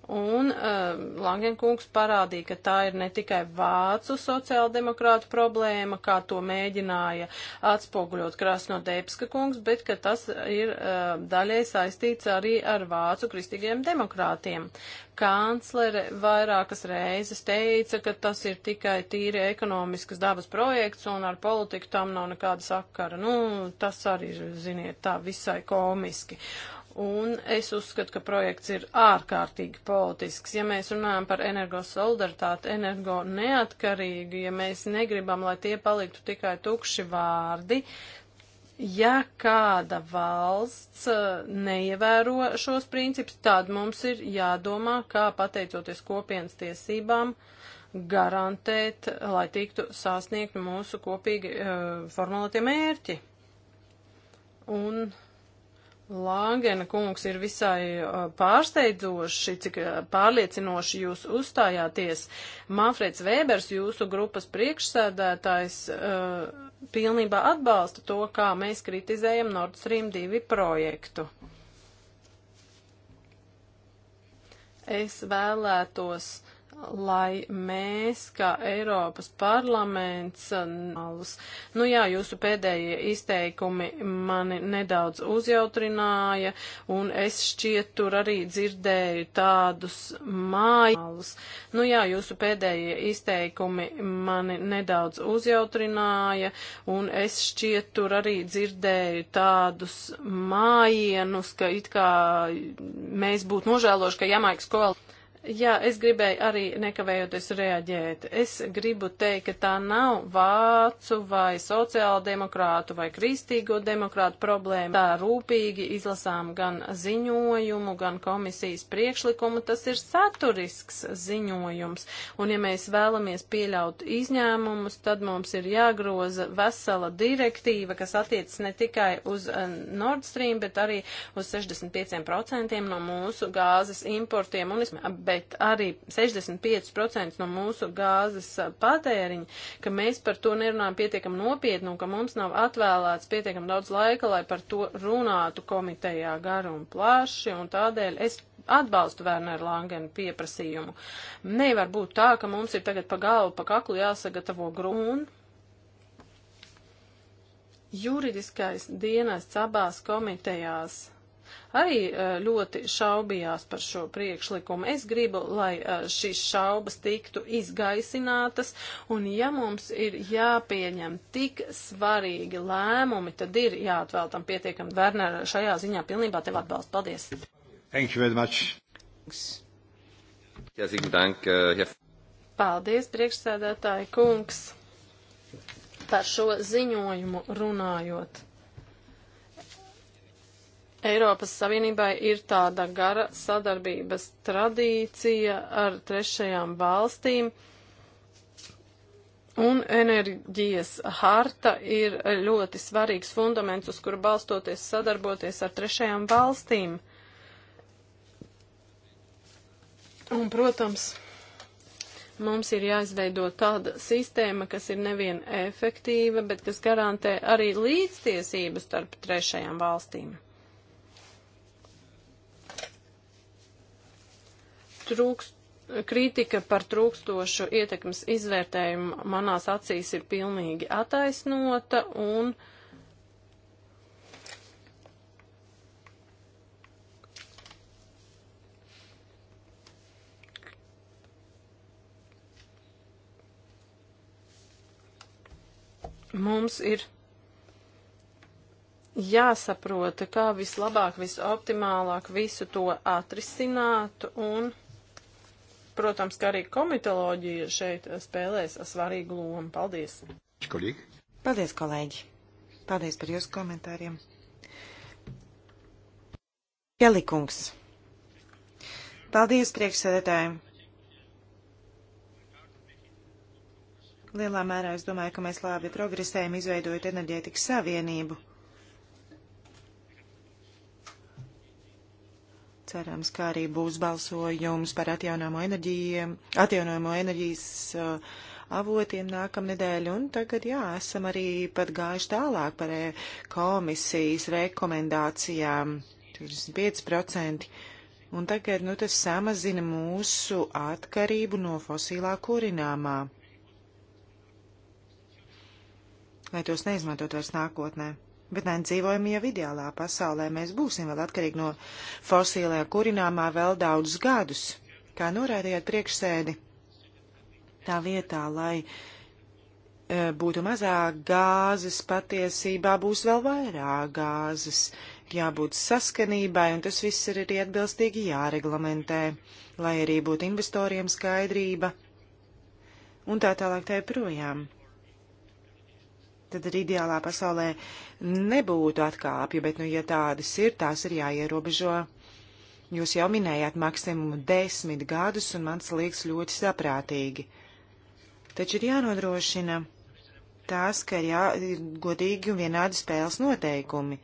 Un uh, Langenkungs parādīja, ka tā ir ne tikai vācu sociāldemokrātu problēma, kā to mēģināja atspoguļot Krasnodēpska kungs, bet ka tas ir uh, daļai saistīts arī ar vācu kristīgiem demokrātiem. Kanclere vairākas reizes teica, ka tas ir tikai tīri ekonomiskas dabas projekts un ar politiku tam nav nekāda sakara. Nu, tas arī ir, ziniet, tā visai komiski. Un es uzskatu, ka projekts ir ārkārtīgi politisks. Ja mēs runājam par energo solidaritāti, energo neatkarīgu, ja mēs negribam, lai tie paliktu tikai tukši vārdi, ja kāda valsts uh, neievēro šos principus, tad mums ir jādomā, kā pateicoties kopienas tiesībām garantēt, lai tiktu sasniegt mūsu kopīgi uh, formulētie mērķi. Un Lāngena kungs ir visai uh, pārsteidzoši, cik uh, pārliecinoši jūs uzstājāties. Manfreds Vēbers, jūsu grupas priekšsēdētājs, uh, pilnībā atbalsta to, kā mēs kritizējam Nord Stream 2 projektu. Es vēlētos lai mēs, kā Eiropas parlaments, nalus. Nu jā, jūsu pēdējie izteikumi mani nedaudz uzjautrināja, un es šķiet tur arī dzirdēju tādus mājus. Nu jā, jūsu pēdējie izteikumi mani nedaudz uzjautrināja, un es šķiet tur arī dzirdēju tādus mājienus, ka it kā mēs būtu nožēloši, ka Jamaikas koalīcija Jā, es gribēju arī nekavējoties reaģēt. Es gribu teikt, ka tā nav vācu vai sociāldemokrātu vai kristīgo demokrātu problēma. Tā rūpīgi izlasām gan ziņojumu, gan komisijas priekšlikumu. Tas ir saturisks ziņojums. Un ja mēs vēlamies pieļaut izņēmumus, tad mums ir jāgroza vesela direktīva, kas attiecas ne tikai uz eh, Nord Stream, bet arī uz 65% no mūsu gāzes importiem. Un, bet šeit arī 65% no mūsu gāzes patēriņa, ka mēs par to nerunājam pietiekam nopietni un ka mums nav atvēlēts pietiekam daudz laika, lai par to runātu komitejā garu un plaši, un tādēļ es atbalstu Werneru Langenu pieprasījumu. Nevar būt tā, ka mums ir tagad pa galvu, pa kaklu jāsagatavo grūni. Juridiskais dienests abās komitejās arī e, ļoti šaubījās par šo priekšlikumu. Es gribu, lai e, šīs šaubas tiktu izgaisinātas, un ja mums ir jāpieņem tik svarīgi lēmumi, tad ir jāatvēl tam pietiekam. Werner, šajā ziņā pilnībā tev atbalstu. Paldies! Thank you very much. Herzlichen Dank, Herr. Paldies, priekšsēdētāji kungs, par šo ziņojumu runājot. Eiropas Savienībai ir tāda gara sadarbības tradīcija ar trešajām valstīm. Un enerģijas harta ir ļoti svarīgs fundaments, uz kuru balstoties sadarboties ar trešajām valstīm. Un, protams, mums ir jāizveido tāda sistēma, kas ir nevien efektīva, bet kas garantē arī līdztiesību starp trešajām valstīm. trūkst, kritika par trūkstošu ietekmes izvērtējumu manās acīs ir pilnīgi attaisnota un mums ir jāsaprota, kā vislabāk, visoptimālāk visu to atrisināt un. Protams, ka arī komitoloģija šeit spēlēs svarīgu lomu. Paldies! Kolīgi. Paldies, kolēģi! Paldies par jūsu komentāriem! Pielikums. Paldies priekšsēdētājiem. Lielā mērā es domāju, ka mēs labi progresējam izveidojot enerģētikas savienību. Cerams, kā arī būs balsojums par atjaunojamo enerģiju, atjaunojamo enerģijas uh, avotiem nākamnedēļ, un tagad, jā, esam arī pat gājuši tālāk par eh, komisijas rekomendācijām 45%, un tagad, nu, tas samazina mūsu atkarību no fosilā kurināmā. Lai tos neizmantot vairs nākotnē. Bet mēs dzīvojam jau ideālā pasaulē, mēs būsim vēl atkarīgi no fosīlē kurināmā vēl daudzus gadus, kā norādījāt priekšsēdi. Tā vietā, lai e, būtu mazāk gāzes, patiesībā būs vēl vairāk gāzes, jābūt saskanībai, un tas viss ir arī atbilstīgi jāreglamentē, lai arī būtu investoriem skaidrība, un tā tālāk tā ir projām tad arī ideālā pasaulē nebūtu atkāpju, bet, nu, ja tādas ir, tās ir jāierobežo. Jūs jau minējāt maksimumu desmit gadus, un mans liekas ļoti saprātīgi. Taču ir jānodrošina tās, ka ir jā, godīgi un vienādi spēles noteikumi.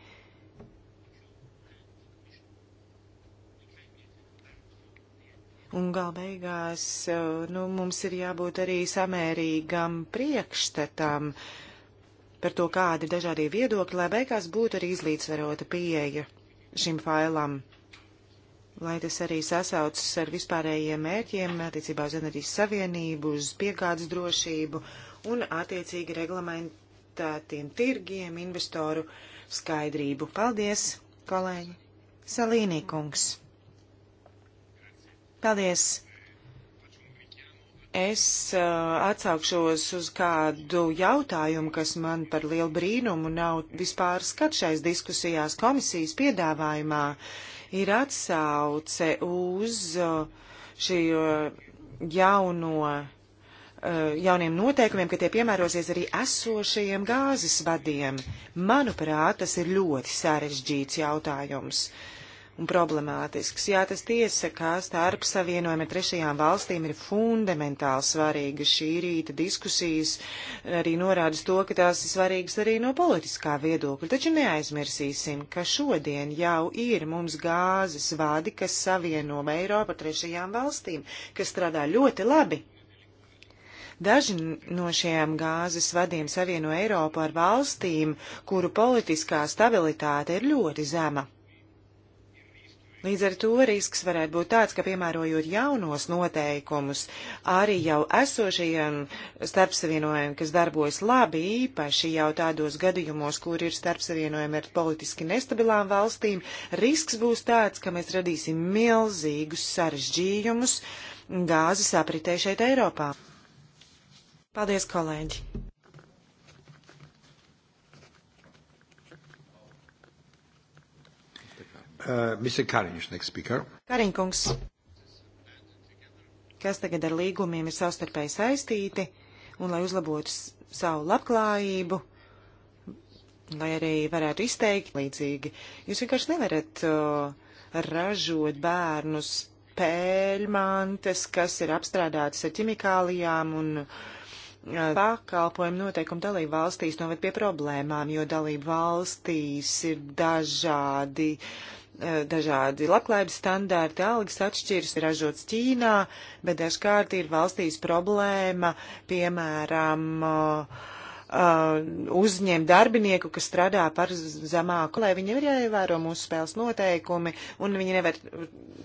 Un galbeigās, eh, nu, mums ir jābūt arī samērīgam priekšstatam. Uh, par to, kādi ir dažādie viedokļi, lai beigās būtu arī izlīdzvarota pieeja šim failam, lai tas arī sasaucas ar vispārējiem mērķiem attiecībā uz enerģijas savienību, uz piegādes drošību un attiecīgi reglamentētiem tirgiem, investoru skaidrību. Paldies, kolēģi! Salīnī kungs! Paldies! Es uh, atsaukšos uz kādu jautājumu, kas man par lielu brīnumu nav vispār skatšais diskusijās komisijas piedāvājumā. Ir atsauce uz uh, šī uh, jauno, uh, jauniem noteikumiem, ka tie piemērosies arī esošajiem gāzes vadiem. Manuprāt, tas ir ļoti sarežģīts jautājums. Uh, un problemātisks. Jā, tas tiesa, kā starp savienojumi ar trešajām valstīm ir fundamentāli svarīga. Šī rīta diskusijas arī norāda to, ka tās ir svarīgas arī no politiskā viedokļa. Taču neaizmirsīsim, ka šodien jau ir mums gāzes vādi, kas savieno Eiropu ar trešajām valstīm, kas strādā ļoti labi. Daži no šiem gāzes vadiem savieno Eiropu ar valstīm, kuru politiskā stabilitāte ir ļoti zema. Līdz ar to risks varētu būt tāds, ka piemērojot jaunos noteikumus, arī jau esošajiem starpsavienojumiem, kas darbojas labi, īpaši jau tādos gadījumos, kur ir starpsavienojumi ar politiski nestabilām valstīm, risks būs tāds, ka mēs radīsim milzīgus sarežģījumus gāzes apritē šeit Eiropā. Paldies, kolēģi! Uh, Kariņš, Kariņkungs, kas tagad ar līgumiem ir savstarpēji saistīti, un lai uzlabotu savu labklājību, lai arī varētu izteikt līdzīgi, jūs vienkārši nevarat uh, ražot bērnus pēļmantes, kas ir apstrādātas ar ķimikālijām un uh, pakalpojumu noteikumu dalību valstīs noved nu, pie problēmām, jo dalību valstīs ir dažādi uh, Eh, dažādi labklājības standārti, algas atšķiras, ir ražots Ķīnā, bet dažkārt ir valstīs problēma, piemēram, eh, eh, uzņemt darbinieku, kas strādā par zemāku, lai viņiem ir jāievēro mūsu spēles noteikumi, un viņi nevar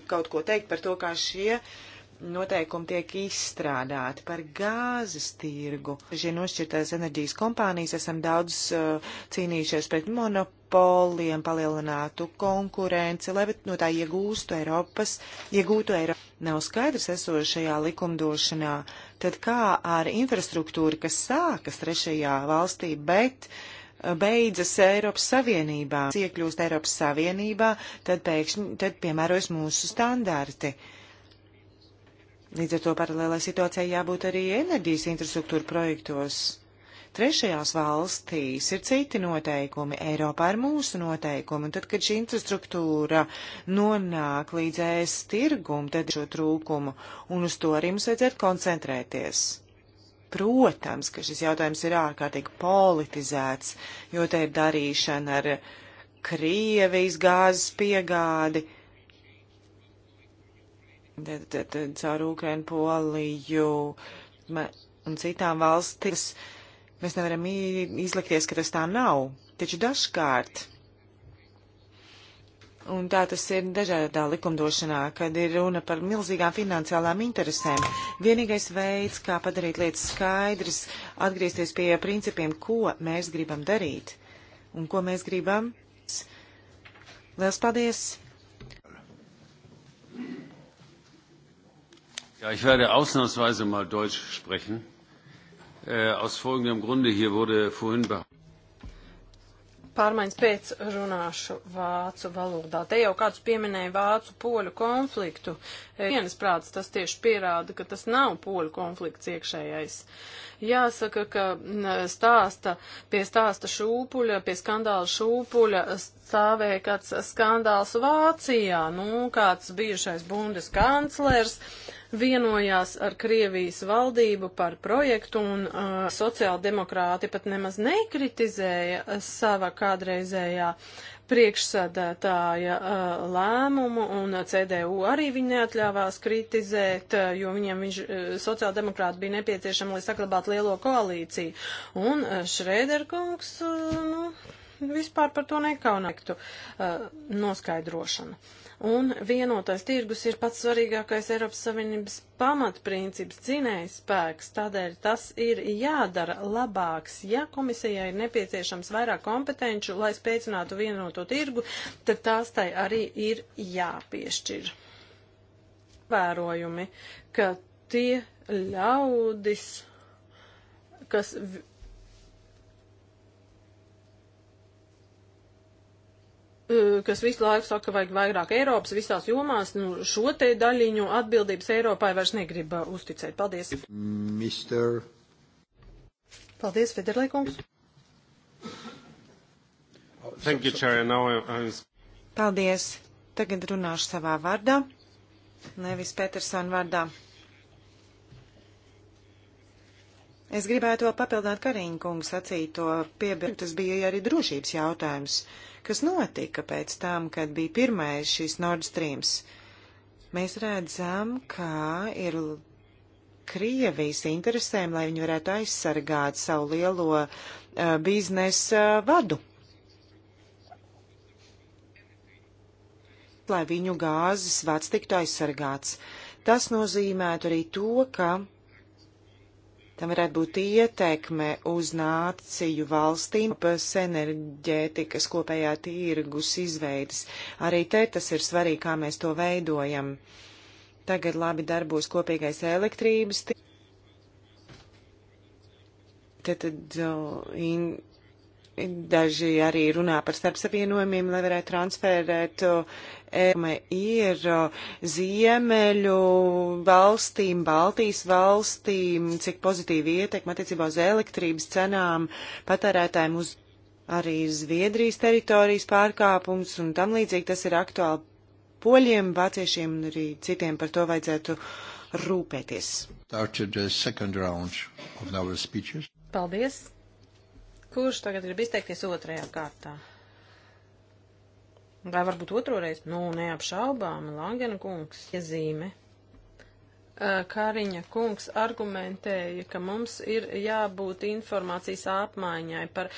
kaut ko teikt par to, kā šie uh, noteikumi tiek izstrādāti par gāzes tirgu. Šie nošķirtās enerģijas kompānijas esam daudz uh, cīnījušies pret monopoliem, palielinātu konkurenci, lai no tā iegūstu Eiropas, iegūtu Eiropas. Nav skaidrs esošajā likumdošanā, tad kā ar infrastruktūru, kas sākas trešajā valstī, bet uh, beidzas Eiropas Savienībā, iekļūst Eiropas Savienībā, tad pēkšņi tad piemērojas mūsu standarti. Līdz ar to paralēlai situācijai jābūt arī enerģijas infrastruktūra projektos. Trešajās valstīs ir citi noteikumi, Eiropā ir mūsu noteikumi, un tad, kad šī infrastruktūra nonāk līdz ēs tirgumu, tad šo trūkumu, un uz to arī mums vajadzētu koncentrēties. Protams, ka šis jautājums ir ārkārtīgi politizēts, jo te ir darīšana ar Krievijas gāzes piegādi tad, tad, tad caur Ukrainu, Poliju un citām valstis. Mēs nevaram izlikties, ka tas tā nav. Taču dažkārt, un tā tas ir dažādā likumdošanā, kad ir runa par milzīgām finansiālām interesēm, vienīgais veids, kā padarīt lietas skaidrs, atgriezties pie principiem, ko mēs gribam darīt un ko mēs gribam. Liels paldies! Ja, ich werde ausnahmsweise mal Deutsch sprechen. Äh, aus folgendem Grunde hier wurde vorhin behauptet. Pārmaiņas pēc runāšu vācu valodā. Te jau kāds pieminēja vācu poļu konfliktu. Vienas prāts tas tieši pierāda, ka tas nav poļu konflikts iekšējais. Jāsaka, ka stāsta, pie stāsta šūpuļa, pie skandāla šūpuļa stāvēja kāds skandāls Vācijā. Nu, kāds bijušais bundes kanclers vienojās ar Krievijas valdību par projektu un uh, sociāldemokrāti pat nemaz nekritizēja sava kādreizējā priekšsēdētāja uh, lēmumu, un CDU arī viņi neatļāvās kritizēt, uh, jo viņiem viņš, uh, sociāldemokrāti bija nepieciešama, lai saglabātu lielo koalīciju. Un uh, Šrēderkungs, uh, nu, vispār par to nekaunektu uh, noskaidrošanu. Uh, un vienotais tirgus ir pats svarīgākais Eiropas Savienības pamatprincips, dzinējs spēks, tādēļ tas ir jādara labāks. Ja komisijai ir nepieciešams vairāk kompetenču, lai spēcinātu vienoto tirgu, tad tās tai arī ir jāpiešķir. Vērojumi, ka tie ļaudis, kas Eh, kas visu laiku saka, vajag vairāk Eiropas visās jomās, nu, šo te daļiņu atbildības Eiropai vairs negrib eh, uzticēt. Paldies. Mister. Paldies, Federlīkungs. Thank you, Chair. Now I'm... Paldies. Tagad runāšu savā vārdā, nevis Petersona vārdā. Es gribētu vēl papildināt Kariņa kungu sacīto piebildu. Tas bija arī drošības jautājums, kas notika pēc tam, kad bija pirmais šis Nord Streams. Mēs redzam, kā ir Krievijas interesēm, lai viņi varētu aizsargāt savu lielo uh, biznesa uh, vadu. Lai viņu gāzes vads tiktu aizsargāts. Tas nozīmētu arī to, ka Tam varētu būt ietekme uz nāciju valstīm, pēc enerģētikas kopējā tirgus izveidas. Arī te tas ir svarīgi, kā mēs to veidojam. Tagad labi darbos kopīgais elektrības. Tad, tad in, Daži arī runā par starpsavienojumiem, lai varētu transferēt. E, ir ziemeļu valstīm, Baltijas valstīm, cik pozitīvi ietekma attiecībā uz elektrības cenām patērētājiem uz arī Zviedrijas teritorijas pārkāpums un tam līdzīgi tas ir aktuāli poļiem, vāciešiem un arī citiem par to vajadzētu rūpēties. Paldies! Kurš tagad grib izteikties otrajā kārtā? Vai varbūt otroreiz? Nu, neapšaubām, Langena kungs, ja zīme. Kariņa kungs argumentēja, ka mums ir jābūt informācijas apmaiņai par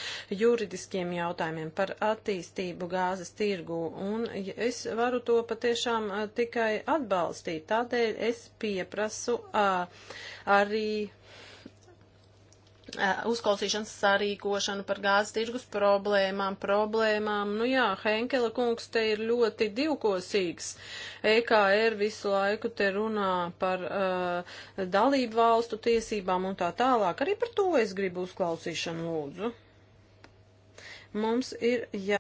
juridiskiem jautājumiem, par attīstību gāzes tirgu, un es varu to patiešām tikai atbalstīt. Tādēļ es pieprasu arī uzklausīšanas sarīkošanu par gāzes tirgus problēmām, problēmām. Nu jā, Henkela kungs te ir ļoti divkosīgs. EKR visu laiku te runā par uh, dalību valstu tiesībām un tā tālāk. Arī par to es gribu uzklausīšanu lūdzu. Mums ir jā.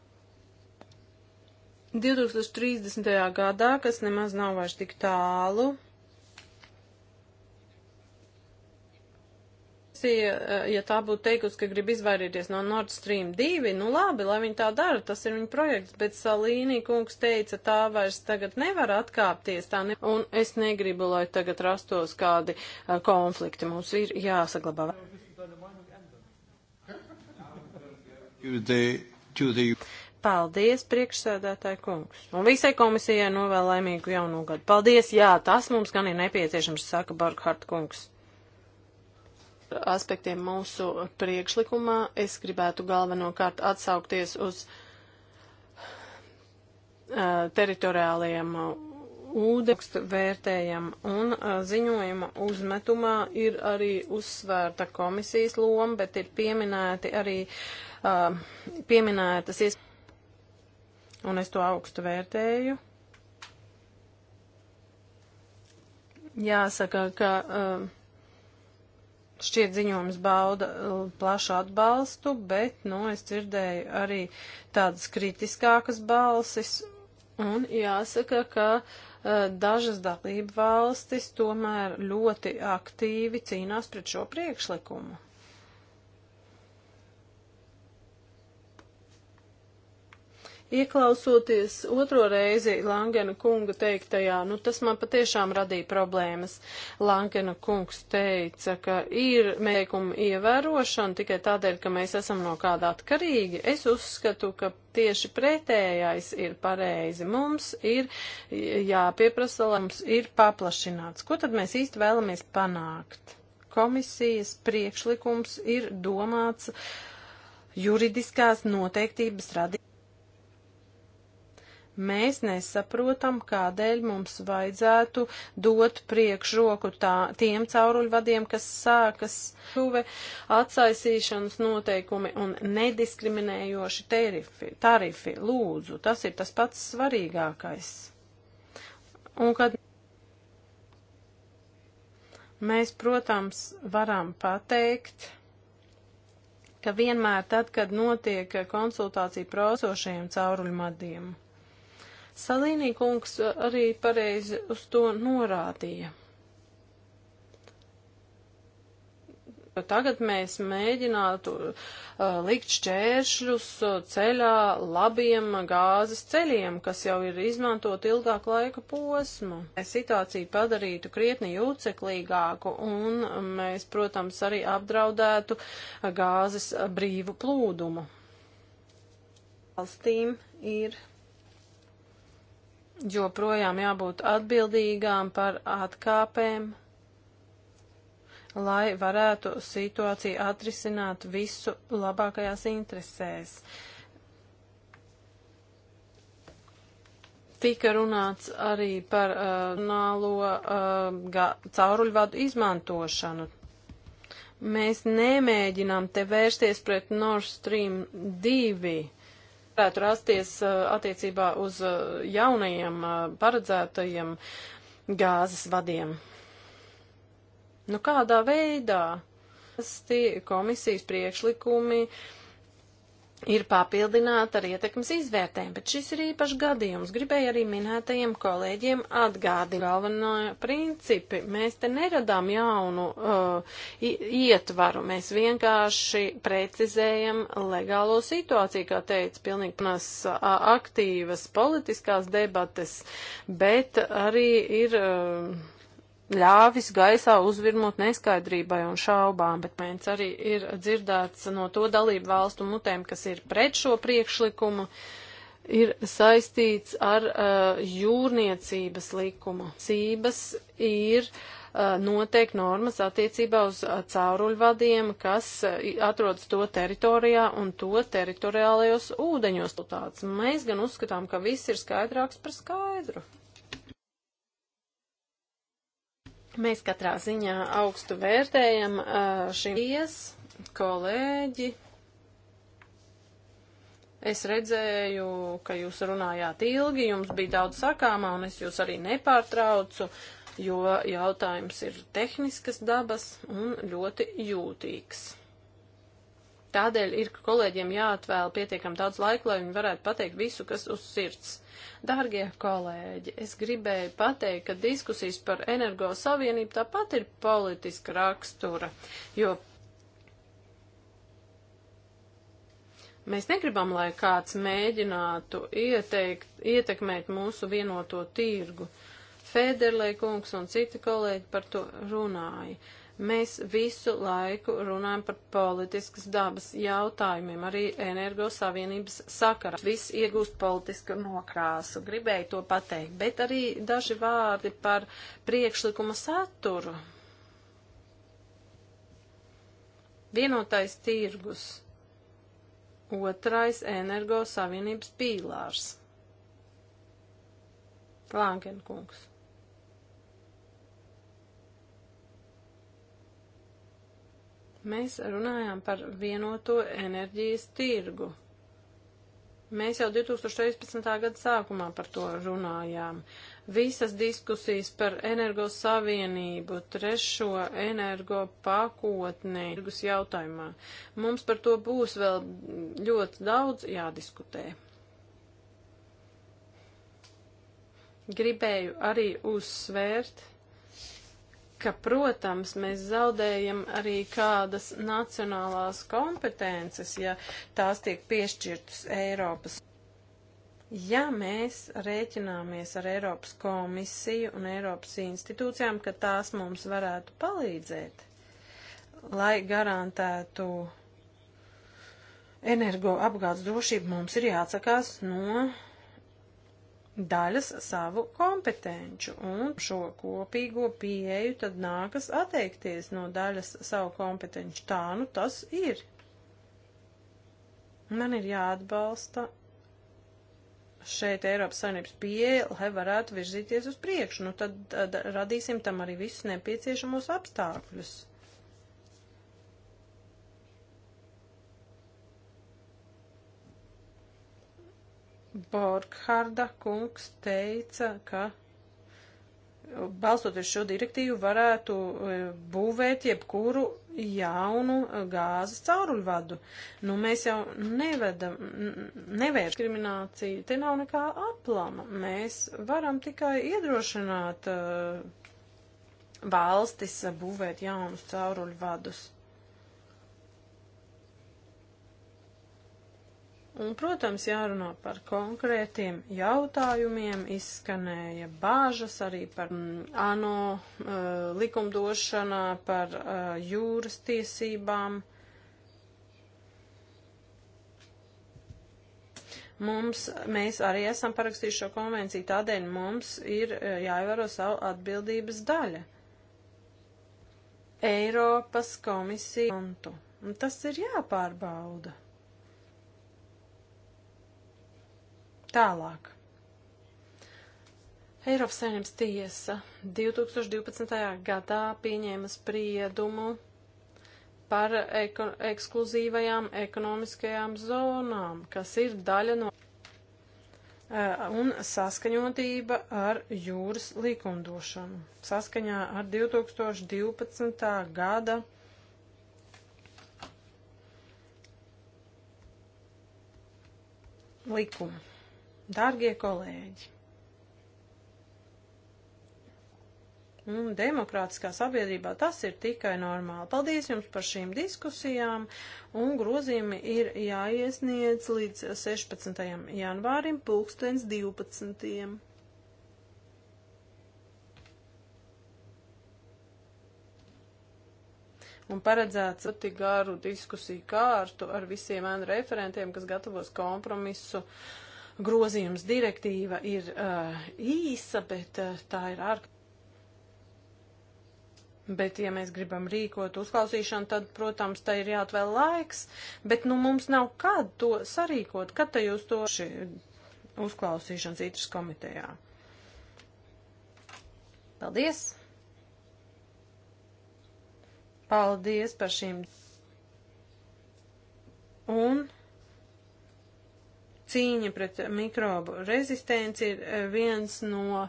2030. gadā, kas nemaz nav vairs tik tālu, komisija, eh, ja tā būtu teikusi, ka grib izvairīties no Nord Stream 2, nu labi, lai viņi tā dara, tas ir viņa projekts, bet Salīnī kungs teica, tā vairs tagad nevar atkāpties, tā ne... un es negribu, lai tagad rastos kādi uh, konflikti, mums ir jāsaglabā. Paldies, priekšsēdētāji kungs. Un visai komisijai novēl laimīgu jaunu gadu. Paldies, jā, tas mums gan ir nepieciešams, saka Barkhart kungs aspektiem mūsu priekšlikumā. Es gribētu galvenokārt atsaukties uz teritoriālajiem ūdekstu vērtējam un ziņojuma uzmetumā ir arī uzsvērta komisijas loma, bet ir pieminēti arī uh, pieminētas iespējas, un es to augstu vērtēju. Jāsaka, ka uh, šķiet ziņojums bauda uh, plašu atbalstu, bet, nu, es dzirdēju arī tādas kritiskākas balsis, un jāsaka, ka uh, dažas dalību valstis tomēr ļoti aktīvi cīnās pret šo priekšlikumu. Ieklausoties otro reizi Langena kunga teiktajā, nu tas man patiešām radīja problēmas. Langena kungs teica, ka ir mēģinājuma ievērošana tikai tādēļ, ka mēs esam no kāda atkarīgi. Es uzskatu, ka tieši pretējais ir pareizi. Mums ir jāpieprasa, lai mums ir paplašināts. Ko tad mēs īsti vēlamies panākt? Komisijas priekšlikums ir domāts juridiskās noteiktības radīt Mēs nesaprotam, kādēļ mums vajadzētu dot priekšroku tā, tiem cauruļvadiem, kas sākas tuve atsaisīšanas noteikumi un nediskriminējoši tarifi. tarifi. Lūdzu, tas ir tas pats svarīgākais. Un kad mēs, protams, varam pateikt, ka vienmēr tad, kad notiek konsultācija prosošajiem cauruļmadiem, Salīnī kungs uh, arī pareizi uz to norādīja. Tagad mēs mēģinātu uh, likt šķēršļus uh, ceļā labiem gāzes ceļiem, kas jau ir izmantot ilgāku laika posmu. Mēs situāciju padarītu krietni jūceklīgāku un mēs, protams, arī apdraudētu gāzes brīvu plūdumu. Valstīm ir joprojām jābūt atbildīgām par atkāpēm, lai varētu situāciju atrisināt visu labākajās interesēs. Tika runāts arī par uh, nālo uh, cauruļvadu izmantošanu. Mēs nemēģinām te vērsties pret Nord Stream 2 varētu rasties uh, attiecībā uz uh, jaunajiem uh, paredzētajiem gāzes vadiem. Nu kādā veidā? Tas tie komisijas priekšlikumi uh, ir papildināta ar ietekmes izvērtējumu, bet šis ir īpašs gadījums. Gribēju arī minētajiem kolēģiem atgādi galveno principi. Mēs te neradām jaunu uh, ietvaru, mēs vienkārši precizējam legālo situāciju, kā teica, pilnīgi panas uh, aktīvas politiskās debates, bet arī ir. Uh, ļāvis gaisā uzvirmot neskaidrībai un šaubām, bet mēģins arī ir dzirdēts no to dalību valstu mutēm, kas ir pret šo priekšlikumu, ir saistīts ar uh, jūrniecības likumu. Sības ir uh, noteikti normas attiecībā uz uh, cauruļvadiem, kas uh, atrodas to teritorijā un to teritoriālajos ūdeņos. Tāds. Mēs gan uzskatām, ka viss ir skaidrāks par skaidru. Mēs katrā ziņā augstu vērtējam šīm ies, kolēģi. Es redzēju, ka jūs runājāt ilgi, jums bija daudz sakāmā, un es jūs arī nepārtraucu, jo jautājums ir tehniskas dabas un ļoti jūtīgs. Tādēļ ir kolēģiem jāatvēl pietiekam daudz laika, lai viņi varētu pateikt visu, kas uz sirds. Dārgie kolēģi, es gribēju pateikt, ka diskusijas par energo savienību tāpat ir politiska rakstura, jo Mēs negribam, lai kāds mēģinātu ieteikt, ietekmēt mūsu vienoto tirgu. Fēderlē kungs un citi kolēģi par to runāja. Mēs visu laiku runājam par politiskas dabas jautājumiem, arī energosavienības sakarā. Viss iegūst politisku nokrāsu, gribēju to pateikt, bet arī daži vārdi par priekšlikuma saturu. Vienotais tirgus, otrais energosavienības pīlārs. Langenkungs. Mēs runājām par vienoto enerģijas tirgu. Mēs jau 2016. gada sākumā par to runājām. Visas diskusijas par energo savienību, trešo energo pakotnē, tirgus jautājumā. Mums par to būs vēl ļoti daudz jādiskutē. Gribēju arī uzsvērt, ka, protams, mēs zaudējam arī kādas nacionālās kompetences, ja tās tiek piešķirtas Eiropas. Ja mēs rēķināmies ar Eiropas komisiju un Eiropas institūcijām, ka tās mums varētu palīdzēt, lai garantētu energoapgādes drošību, mums ir jāatsakās no daļas savu kompetenču, un šo kopīgo pieeju tad nākas atteikties no daļas savu kompetenču. Tā nu tas ir. Man ir jāatbalsta šeit Eiropas Savienības pieeja, lai varētu virzīties uz priekšu. Nu tad radīsim tam arī visus nepieciešamos apstākļus. Borgharda kungs teica, ka balstoties šo direktīvu varētu e, būvēt jebkuru jaunu e, gāzes cauruļvadu. Nu, mēs jau nevedam, nevērš krimināciju, te nav nekā aplama. Mēs varam tikai iedrošināt uh, valstis būvēt jaunus cauruļvadus. vadus. Un, protams, jārunā par konkrētiem jautājumiem, izskanēja bāžas arī par mm, ANO uh, likumdošanā, par uh, jūras tiesībām. Mums, mēs arī esam parakstījuši šo konvenciju, tādēļ mums ir uh, jāievēro savu atbildības daļa. Eiropas komisija. Un tas ir jāpārbauda. Tālāk. Eiropas saimnības tiesa 2012. gadā pieņēma spriedumu par eko ekskluzīvajām ekonomiskajām zonām, kas ir daļa no e, un saskaņotība ar jūras likumdošanu. Saskaņā ar 2012. gada likumu. Dārgie kolēģi! Un demokrātiskā sabiedrībā tas ir tikai normāli. Paldies jums par šīm diskusijām, un grozījumi ir jāiesniedz līdz 16. janvārim pulkstens 12. Un paredzēts ļoti garu diskusiju kārtu ar visiem referentiem, kas gatavos kompromisu uh, grozījums direktīva ir uh, īsa, bet uh, tā ir ārkārtīgi. Bet, ja mēs gribam rīkot uzklausīšanu, tad, protams, tai ir jāatvēl laiks, bet, nu, mums nav kad to sarīkot, kad te jūs to uzklausīšanas ītras komitejā. Paldies! Paldies par šīm. Un Cīņa pret mikrobu rezistenci ir eh, viens no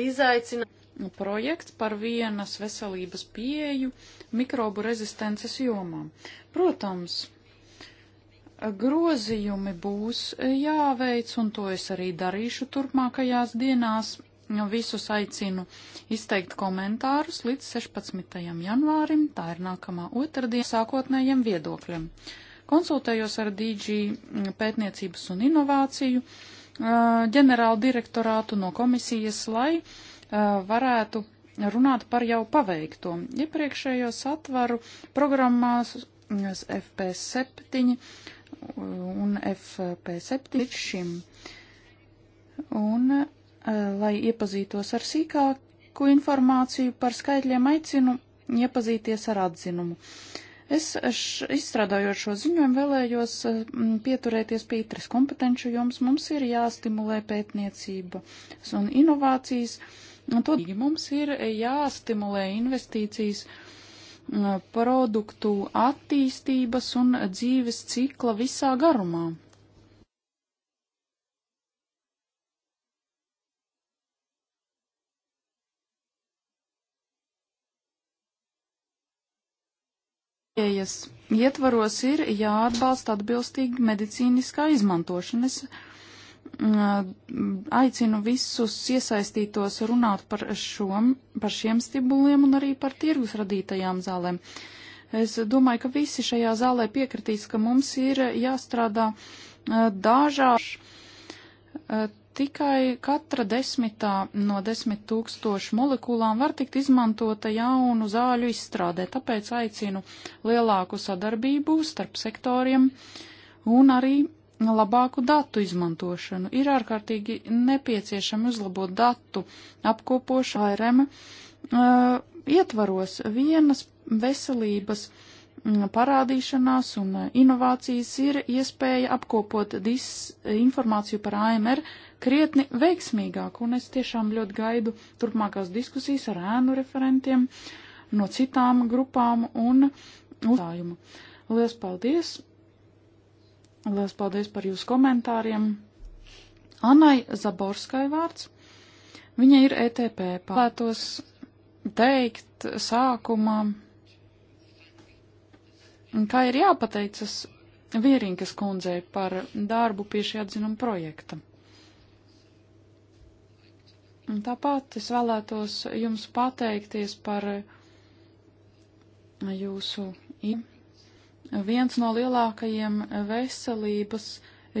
izaicinājumiem. Projekts par vienas veselības pieeju mikrobu rezistences jomām. Protams, grozījumi būs jāveic, un to es arī darīšu turpmākajās dienās. Visus aicinu izteikt komentārus līdz 16. janvārim, tā ir nākamā otrdiena, sākotnējiem viedokļiem konsultējos ar DG mm, pētniecības un inovāciju ģenerālu direktorātu no komisijas, lai varētu runāt par jau paveikto. Iepriekšējos atvaru programmās mm, FP7 un FP7 līdz šim. Un, lai iepazītos ar sīkāku informāciju par skaitļiem, aicinu iepazīties ar atzinumu. Uh, Es š, izstrādājot šo ziņojumu vēlējos mm, pieturēties pie itras kompetenču jums. Mums ir jāstimulē pētniecība un inovācijas. Un to mums ir jāstimulē investīcijas mm, produktu attīstības un dzīves cikla visā garumā. pieejas ietvaros ir jāatbalsta atbilstīgi medicīniskā izmantošanas. Aicinu visus iesaistītos runāt par, šom, par šiem stimuliem un arī par tirgus radītajām zālēm. Es domāju, ka visi šajā zālē piekritīs, ka mums ir jāstrādā dažādi Tikai katra desmitā no desmit tūkstošu molekulām var tikt izmantota jaunu zāļu izstrādē, tāpēc aicinu lielāku sadarbību starp sektoriem un arī labāku datu izmantošanu. Ir ārkārtīgi nepieciešami uzlabot datu apkopošu ARM uh, ietvaros vienas veselības uh, Mm, parādīšanās un eh, inovācijas ir iespēja apkopot dis, eh, informāciju par AMR krietni veiksmīgāk, un es tiešām ļoti gaidu turpmākās diskusijas ar ēnu referentiem no citām grupām un uzstājumu. Lielas paldies! Lielas paldies par jūsu komentāriem! Anai Zaborskai vārds. Viņa ir ETP. Pārētos teikt sākumā kā ir jāpateicas Vierinkas kundzei par darbu pie šī atzinuma projekta. Tāpat es vēlētos jums pateikties par jūsu. Viens no lielākajiem veselības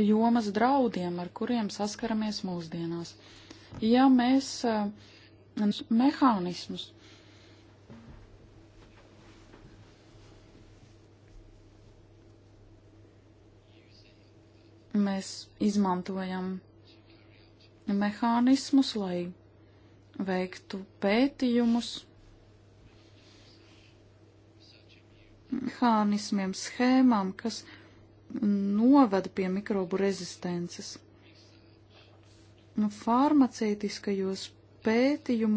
jomas draudiem, ar kuriem saskaramies mūsdienās. Ja mēs eh, mehānismus Mēs izmantojam mehānismus, lai veiktu pētījumus, mehānismiem, schēmām, kas novada pie mikrobu rezistences. Nu, Farmacētiskajos pētījumos